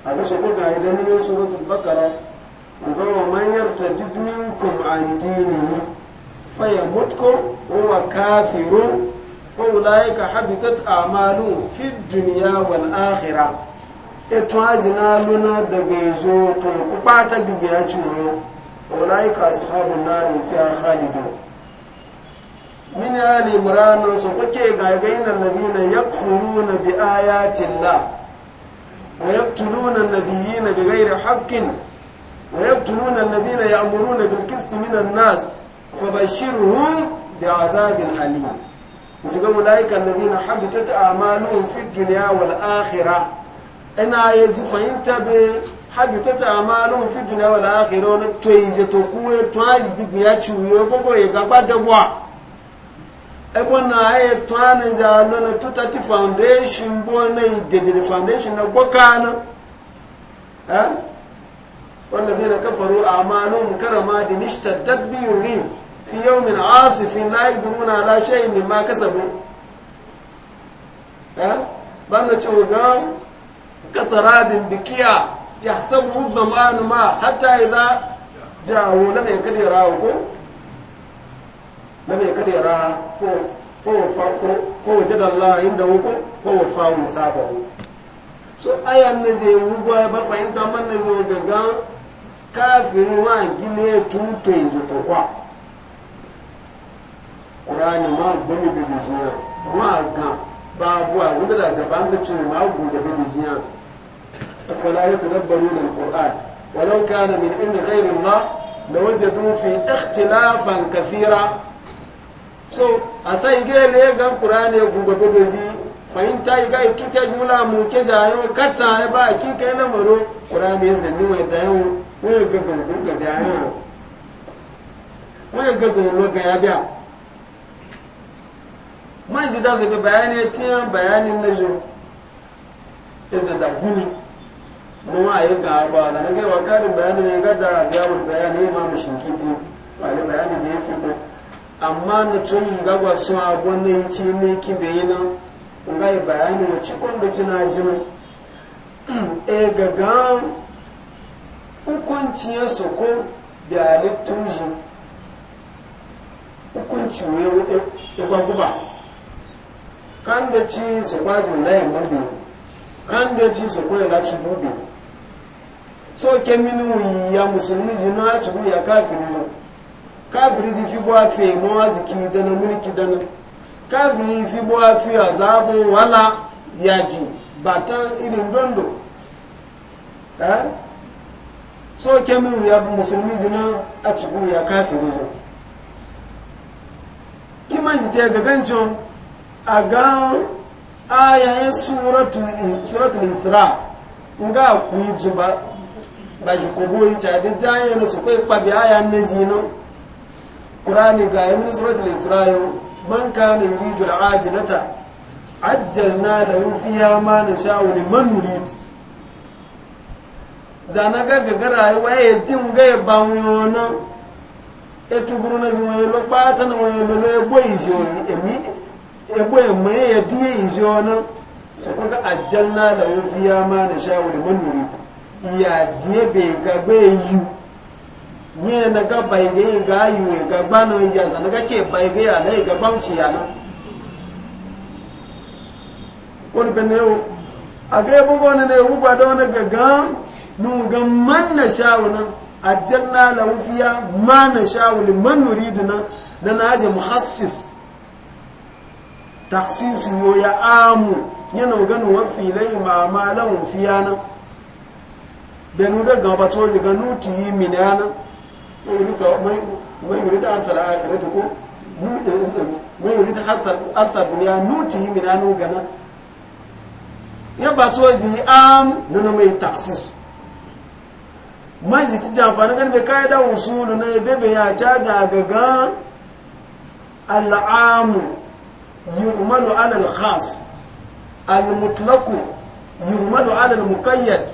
aga so ko ga idan ne suratul habitat a'malu fi dùnìyà wal akhirah eto ajina lona daga ijo to ku pata gibe ya ciwo ulaika ashabun nar fiha khalidun min ali imran so kuke gagayin alladhina yakfuruna bi nas fabashshirhum bi'adhabin alim jiga ulaika alladhina habitat a'maluhum fid dunya wal akhirah habitata amalun fi dunya wal akhirah ona to ije to kuwe to bibi ya chuyo koko ye gaba debwa ebo na aye to ana za no na to tati foundation bo na ide de foundation na bokana eh والذين كفروا أعمالهم كرماد اشتدت به الريح في يوم عاصف لا يقدرون على شيء مما كسبوا ها أه؟ بأن تشوغان كسراب بكيا yahsabu dhamanu ma hatta idha ja'u lam yakdira ko lam yakdira ko fowajada Allah inda wuku fowafawu so aya ne zai wugwa ba fahimta man ne zo gaga kafin wa gine tuto yanzu kwa ƙurani ma gumi bibi ma ga babuwa wanda da gaban da cewa ma gudu bibi فلا يتدبرون القرآن ولو كان من عند غير الله لوجدوا في اختلافا كثيرا so asai ge le ga qur'ani ya gugu fayin ta yi gai tuke mula mu ke jayo katsa ba hakika na maro qur'ani ya zanni mai da yau wai ga gugu ga da yau wai ga gugu ga ya biya mai ji da zai bayani tiyan bayanin na ya izada gumi numa a yi kan arba da nake wa karin bayani ne ga da adiyawar bayani ma mu shinkiti wani bayani je fi ko amma na tun gaba sun abon na yi ci ne ki nga bayani wa cikon da cina jinin e gaga hukunci ya soko da hukunci ne kan da ci su kwajin layin kan na ci so kye minu ya musulmi ji na ci ya kafiri ji kafiri fi bo afi mo aziki dana mulki dana kafiri fi bo afi azabu wala yaji batan irin dondo eh so ke minu ya musulmi ji na ci ya kafiri ji kiman ji ce gagancin a ga ayayen suratul isra nga ku yi jiba da shi kogo yi cadi jayen da su kai kwabi aya na jinin kurani ga yi minisurat isra'il man ka ne yuridu al'ajinata ajjalna da rufiya ma na sha'u liman nurid zana gaggaga rayuwa ya tim ga ya ba mu yana ya tuburu na zuwa ya lokpa ta na wani lolo ya bo izi oni emi ya bo emu ya duwe izi ona su kuka ajjalna da rufiya ma na sha'u liman nurid ya diebe ga gbe yu nye na ga bai yi ga yu e ga na ya za ga ke bai ga ya na e ga bam ci ya na wani ne yau a e ga yabo wani ne ruba da wani gaggan nun ga man na shawo nan ajanna la wufiya ma na shawo li man nuridu da na aje hasis taksisi yo ya amu yana ganin wafi lai ma ma lan fiya na. benu ga gaba to daga nuti min yana mai yuri ta harsar akhiratu ko mai yuri ta harsar harsar eh, eh, eh, duniya nuti min yana gana ya ba to zi am nuna mai taksis mai zi ci amfani gan bai kai da usulu na bebe ya ga gaga al'amu yu'malu ala al-khas al-mutlaqu yu'malu ala al-muqayyad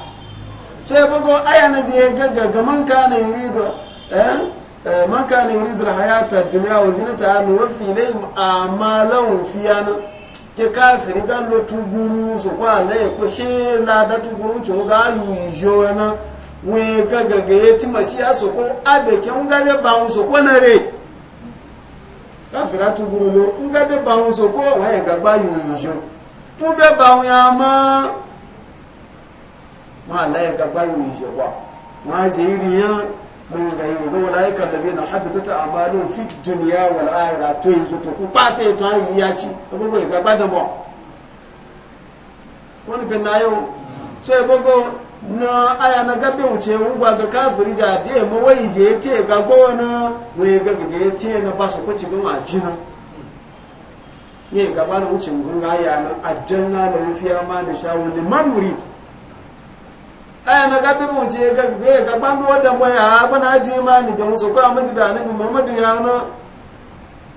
so ya bago aya na je gaga ga man kana yuridu eh, eh man kana yuridu hayata dunya wa zinata anu wa fi lay amalan fiyana ke kafiri kan lo tuguru so kwa le ko she la da tuguru cho ga yu ijo na we gaga ga yeti mashi aso ko abe ke un ga le ba un so ko na re kafira tuguru lo un ga be ba un so ko wa ga ba yu tu be ba un ya ma ma la ya gaba yi je wa ma je iri ya mun da yi ga wala ya kallabe na habitata amalu fi dunya wal akhirah to yi to ku ba ta to yi ya ci ko ko ga ba da ba wani bin na yau so ya gogo na aya na gabe wuce wugwa ga kafiri ja de mu wai je te ga gona wai ga ga te na ba su ko ci gan ajina ne gaba na wucin gunga ya nan ajanna da rufiya ma da shawo liman murid aya na ga bibin ce ga ga ga ban do da mai a bana ji ni da musu ko amma da ni Muhammadu ya na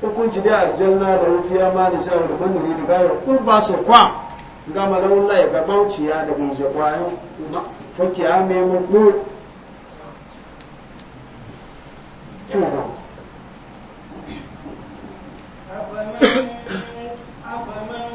hukunci da aljanna da rufiya ma ni sai da bani da ga ku ba su kwa ga malawun la ya ga bauci ya da ga je kwa kwayo fakki a me mu ko tuba afaman afaman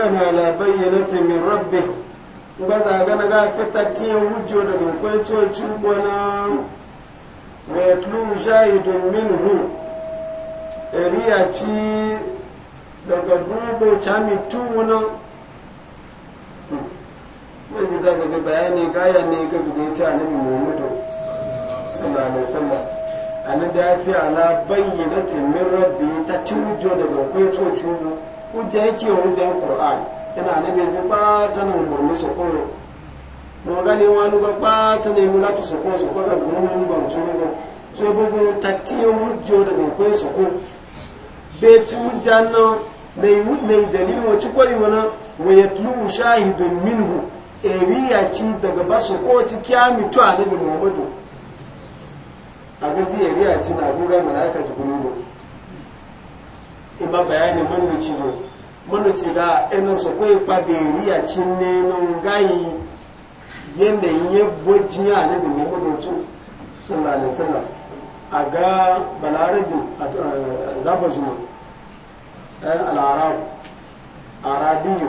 كان ala بينة من ربه بس za ga na ga fitatti hujjo daga kwanci bana wa yatlu shahidun minhu eriya ci daga bubo cami tuwuna bayani gaya ne ga buga ta annabi muhammadu sallallahu alaihi wasallam annabi ya fi ala min rabbi ta hujja yake wa hujjan qur'ani yana annabi ji ba ta nan gurmi su ko da magani wa lu ga ba ta ne mula ta su ko su ko ga gurmi ni ba mu so ko so fo ko tatti hujjo daga ko su ko be tu janna mai mai dalilin wa ci ko yi wana wa yatlu shahidun minhu eriya ci daga ba basu ko ci kyami to annabi muhammadu a gazi eriya ci na gura malaka ta gurmi ima bayani manuci ho ci da ina so ko ipa e beri a ne nun gayi yende ye bojiya ne bi muhammadu su sallallahu alaihi wasallam aga balarabi eh, zaba zuma eh, al-arab arabiyu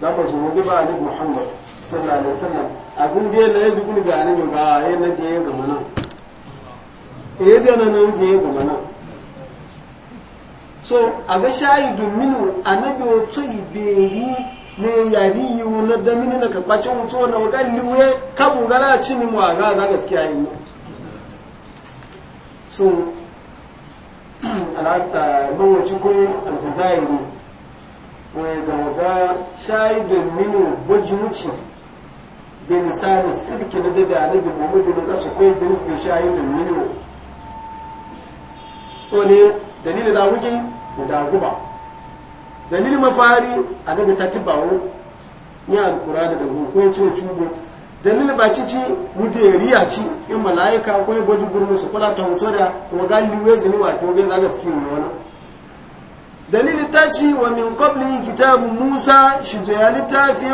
zabazu zuma bi ba ne muhammad sallallahu alaihi wasallam abin da yana yaji kun ga ne ga yana e je ga mana eh da nan je ga mana so aga a na anabi wato iberi ne yari yi na damini na kakwacin wuto na waga liwe kabu gana cini mu a gaza gaskiya yi so alata mawaci ko aljazairi wai ga shayi domin minu wuce da misali sirki na daga anabi muhammadu na kasu kwai jirif bai shayi domin wani dalilin da wukin da guba dalilin mafari a daga tatibawo ni alkura daga ko ce cubo dalilin baki ci ci muderiya ci in malaika ko ya gwaji gurin su kula ta wuce da wa gali wezi ni wato ga zaga skin ne wannan dalilin ta ci wa min qabli kitabu musa shi ya littafi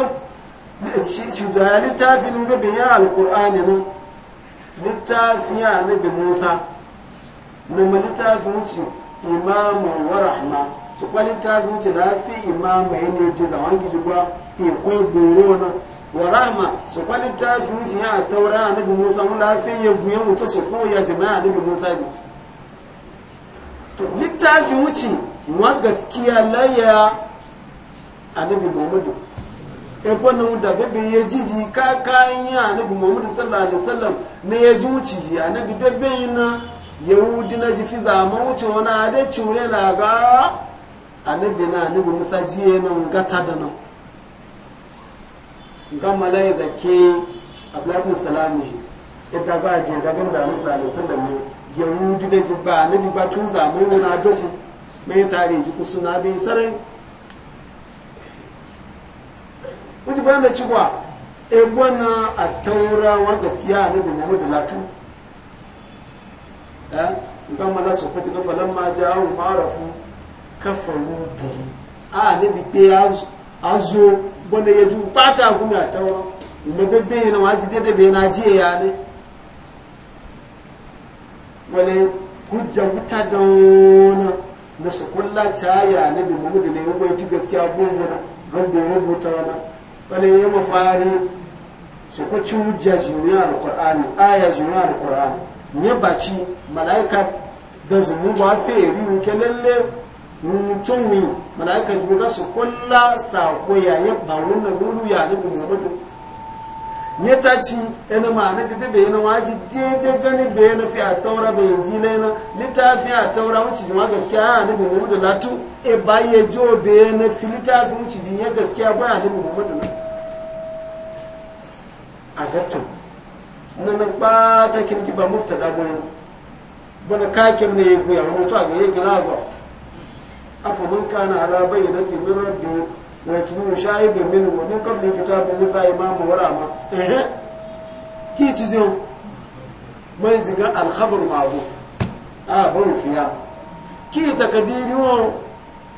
shi ya littafi ne ga bayan alkur'ani ne littafi ya nabi musa na littafin wuce imamu wa rahma su kwalita zuci na fi imamu ya ne ta zaman gidi ba kwai goro na wa rahma su kwalita zuci ya taura annabi musa fi lafiya guye mutu su ko ya jama'a annabi musa ji to littafin wuce wa gaskiya laya annabi muhammadu e kwanan da bebe ya ji ka kayan yi annabi muhammadu sallallahu alaihi wasallam na ya ji wuce ji annabi bebe na yahudi na jifi zama wuce wani ade cure na ga annabi na annabi musa jiye na gata da nan ga malaya zake blakin salami shi yadda ba je ga ganda musu da sallam ne yahudi na ji ba annabi ba tun zaman wani ade ku mai tare ji kusu na bai sarai wuce bayan da cewa egwana a taura wa gaskiya annabi muhammadu latu Eh? nkan mana sokoti ko falan ma ja ahun ma'arafu kafaru bi a ne bi pe azo bone yeju pata gumi atawa mo be be na wati dede be na je ya ne wale kujja buta dona na sokulla chaya ne bi mu da ne ko ti gaskiya bun na gambo rubuta wana wale yema fari sokoci hujja jiyoyi alqur'ani aya jiyoyi alqur'ani nye bachi malaika da zumu ba fe riwu ke lalle mutum wi malaika ji ga su kulla sako yayin ba wannan gulu ya ne muhammadu nye ta ci yana ma na bibi be yana waji dede gani be yana fi a taura be ji na yana littafi a taura wuce jima gaskiya a nabi muhammadu latu e ba ya jo be yana fi littafi wuce jin ya gaskiya ba a nabi muhammadu a gatto nana kpata kirki ba mufta da gwayo bana kakin ne ya goya mutu a ga ya gina zo afa mun kana ala bayyanati min rabbi wa yatlu shahidun min wa min qabli kitab musa imam wa rama eh ki ci jo mai ziga al khabar ma'ruf a ah, ban fiya ki takadiri wo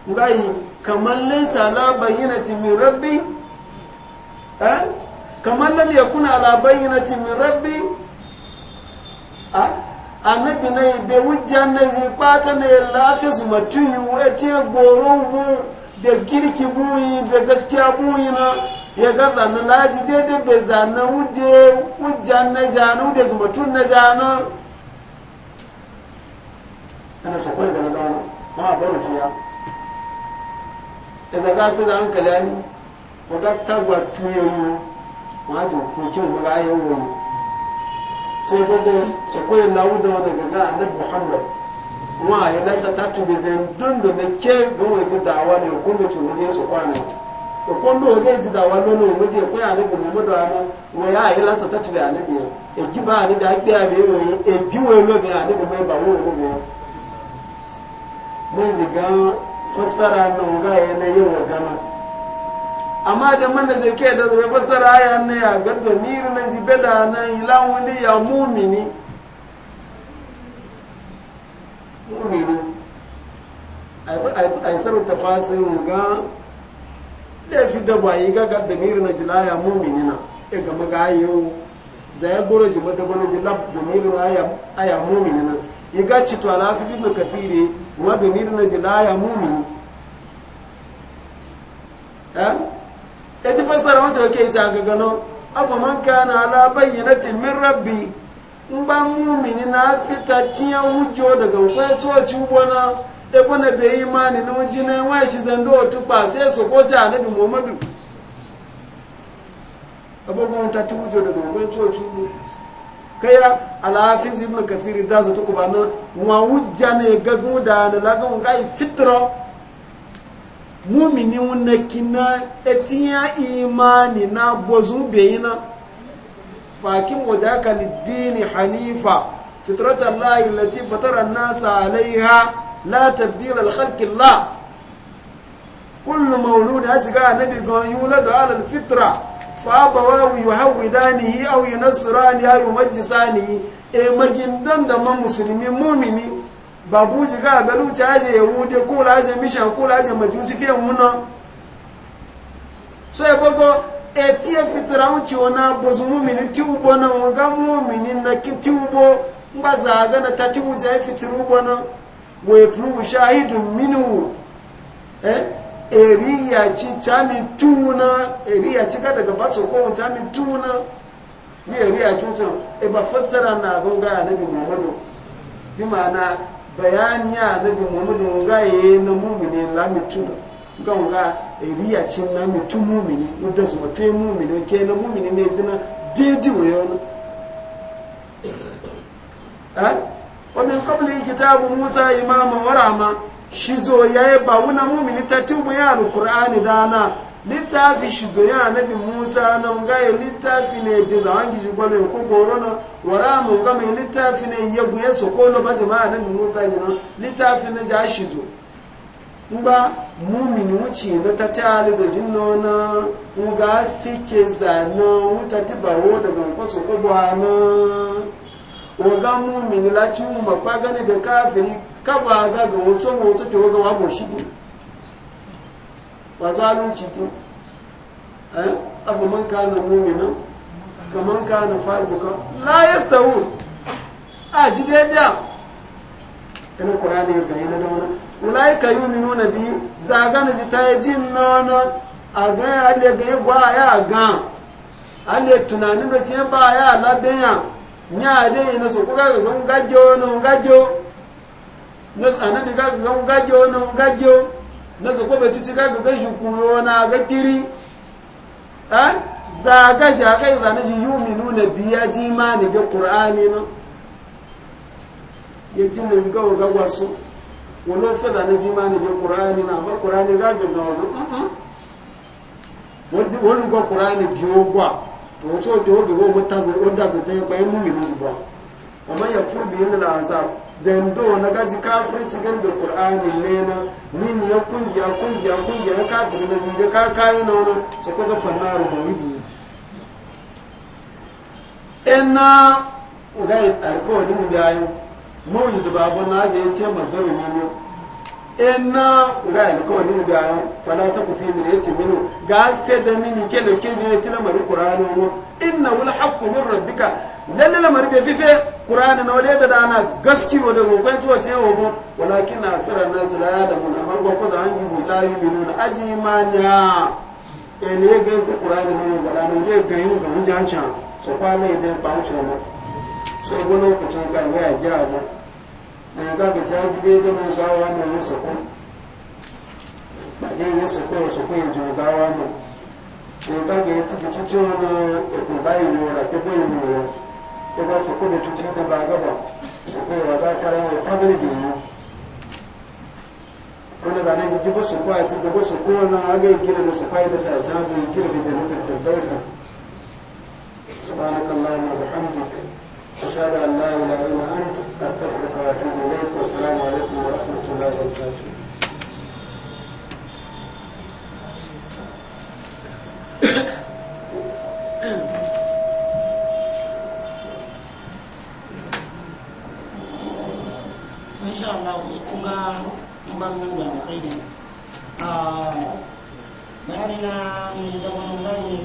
ngai kamar laysa la bayyanati min rabbi eh kamar lam kuna ala bayyinatin min rabbi a annabi ne be wujja ne zi pata ne lafi su wa ce goron bu da kirki buyi da gaskiya buyi na ya ga zana laji daidai bai zana wude wujja na zana wude su matun na zana ana so kwai gana dama ma a mu fiya idan e ka fi zan kalyani wadatta ga tagwa tuyoyo wọ́n na kú tí òun ráyé wò yìí so gbogbo na láwùdọ̀ wọn gàgà àdé muhammad wọn àyè lẹ́sẹ̀ tàtù da zẹ̀ dundun ní ké gbọ́n ya dàwa ní òkú mi tù nídìí sọ̀kọ́ àná òkú mi ò géèjì dàwa lọ́nà òun ti ẹ̀kọ́ àná gbọ̀n na àná wọn yà àyè amma da mana zai ke da zai fassara aya na ya ga miri na jibe da na ilan wani ya mumini a yi sarrafa fasirin ga da fi da ba yi gaga miri na jila ya mumini na e ga maga yau ya goro jiba da wani jila miri na aya mumini na yi e ga cito alafifin da kafiri ma miri na jila ya mumini eh ya ci fassara wancan ke ci a gagano afaman kana ala bayyanatin min rabbi in ba mumini na fita tiya hujjo daga kwai coci bona e bona bai imani n'o wajen na wa shi zando otu pa sai so ko sai annabi muhammadu abubuwan ta ti hujjo daga kwai coci kaya alhafiz ibn kafiri da zato ko ba na wa hujja ne gagu da na lagun kai fitro mumini wuna kina etiya imani na bozu beyina fakin waje aka lidini hanifa fitratar layi lati fatarar nasa alaiha la tabdila alhalkin la kullum mauludi a na annabi yi wula da alal fitra na yu ni aw majisa ni yumajjisani e magindan da ma musulmi mumini babu shi ga balu ta aje ya wuce ko la aje misha ko aje majusi ke muna so ya koko eti ya fitira mu ci wana bozu mu mini ti ubo na wanga mu mini na ki ti ubo mba za ga na tati mu ja fitira ubo na wa yatlubu shahidun minhu eh eri ya ci chami tuna eri ya ci ga daga baso ko chami tuna ni eri ya cuta e ba fassara na gonga annabi Muhammadu bi ma'ana bayani ya nabi muhammadu ga yi na mumini la mitu ga nga eriya cin na mitu mumini wadda su mutu mumini ke na mumini ne zina didi wa yau na eh? wa min qabli kitabu musa imama wa rahma shizo yayi ba wuna mumini ta tubu ya alqur'ani dana littafi shidoya anabi musa na ngaye littafi ne da zawangi ji gwalo ko wara mu ga mai littafi ne ya buye ko baje ma annabi musa ji na littafi ne ja shido mu mu'mini wuce na tatali da jinno na nga fike zano mutatiba wo daga kwaso ko bwana oga mu'mini la mu ba be kafiri ka ba ga ga wato wato ga wa bo shido ba tun, fu afa man kana mu'mina kaman kana fasika la yastawun a ji daidai ina ne ga yana da wannan ulaika yu'minuna bi zagana ji ta jin nana a ga ya le ga ba ya ga ale tunanin da ce ba ya laben ya nya de ina so kuga ga gajo na gajo na tsanani ga gajo na gajo na su kuma ci cika ga gashi kuyo na ga kiri an zaga shi aka yi zane shi yi minu na biya ji ma ne ga ƙur'ani na ya ji ne ga waga wasu wani fi na ji ma ne ga ƙur'ani na ba ƙur'ani ga ga na wani wani ga ƙur'ani biyo gwa to wace wata wata wata wata ta yi bayan mummi na ba amma ya furbi yin da azar zendo na gaji kafir cikin da qur'ani ne na min ya kungiya kungiya kungiya na kafir na zai da ka na wani su ko ga fannaru ba wiji ina ga alkawari mu da yi mu da babu na zai ce masdaru ne ina ga alkawari mu da yi fala ta ku fi min ce minu ga fe da mini kele kele ne tilama alqur'ani mu inna wal haqqu min rabbika lalle lamar bai fife qur'ani na wale da dana gaskiyo da gogon cewa ce wa mu walakin na tsira na sira da mun amma ba ko da hangi su la yu'minu da ajimanya ele ga qur'ani mun ga dana ne ga yu ga mun jacha so fa ne da ba mu cewa so go lokacin ka ne ya ja mu ne ga ga jaji dai da mun ga wa ne so ko ba dai ne so ko so ko ya jo ga wa mu ne ga ga ti ci ci na e ko bai mu ra ko bai mu ra daga su kuma tuci da ba gaba su kuma wa za fara wa family biyu wanda da ne ji ba su kwa ci da ba su kuma na aga yi gina da su ta ta jan da gina da jannatin firdausa سبحانك اللهم وبحمدك أشهد أن لا إله إلا أنت أستغفرك وأتوب إليك والسلام عليكم ورحمة imamu wani ba da kai ne ah, bayani na mai da wani bayi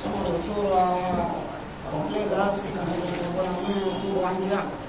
saboda cewa a wajen da su kamar da wani kuma wani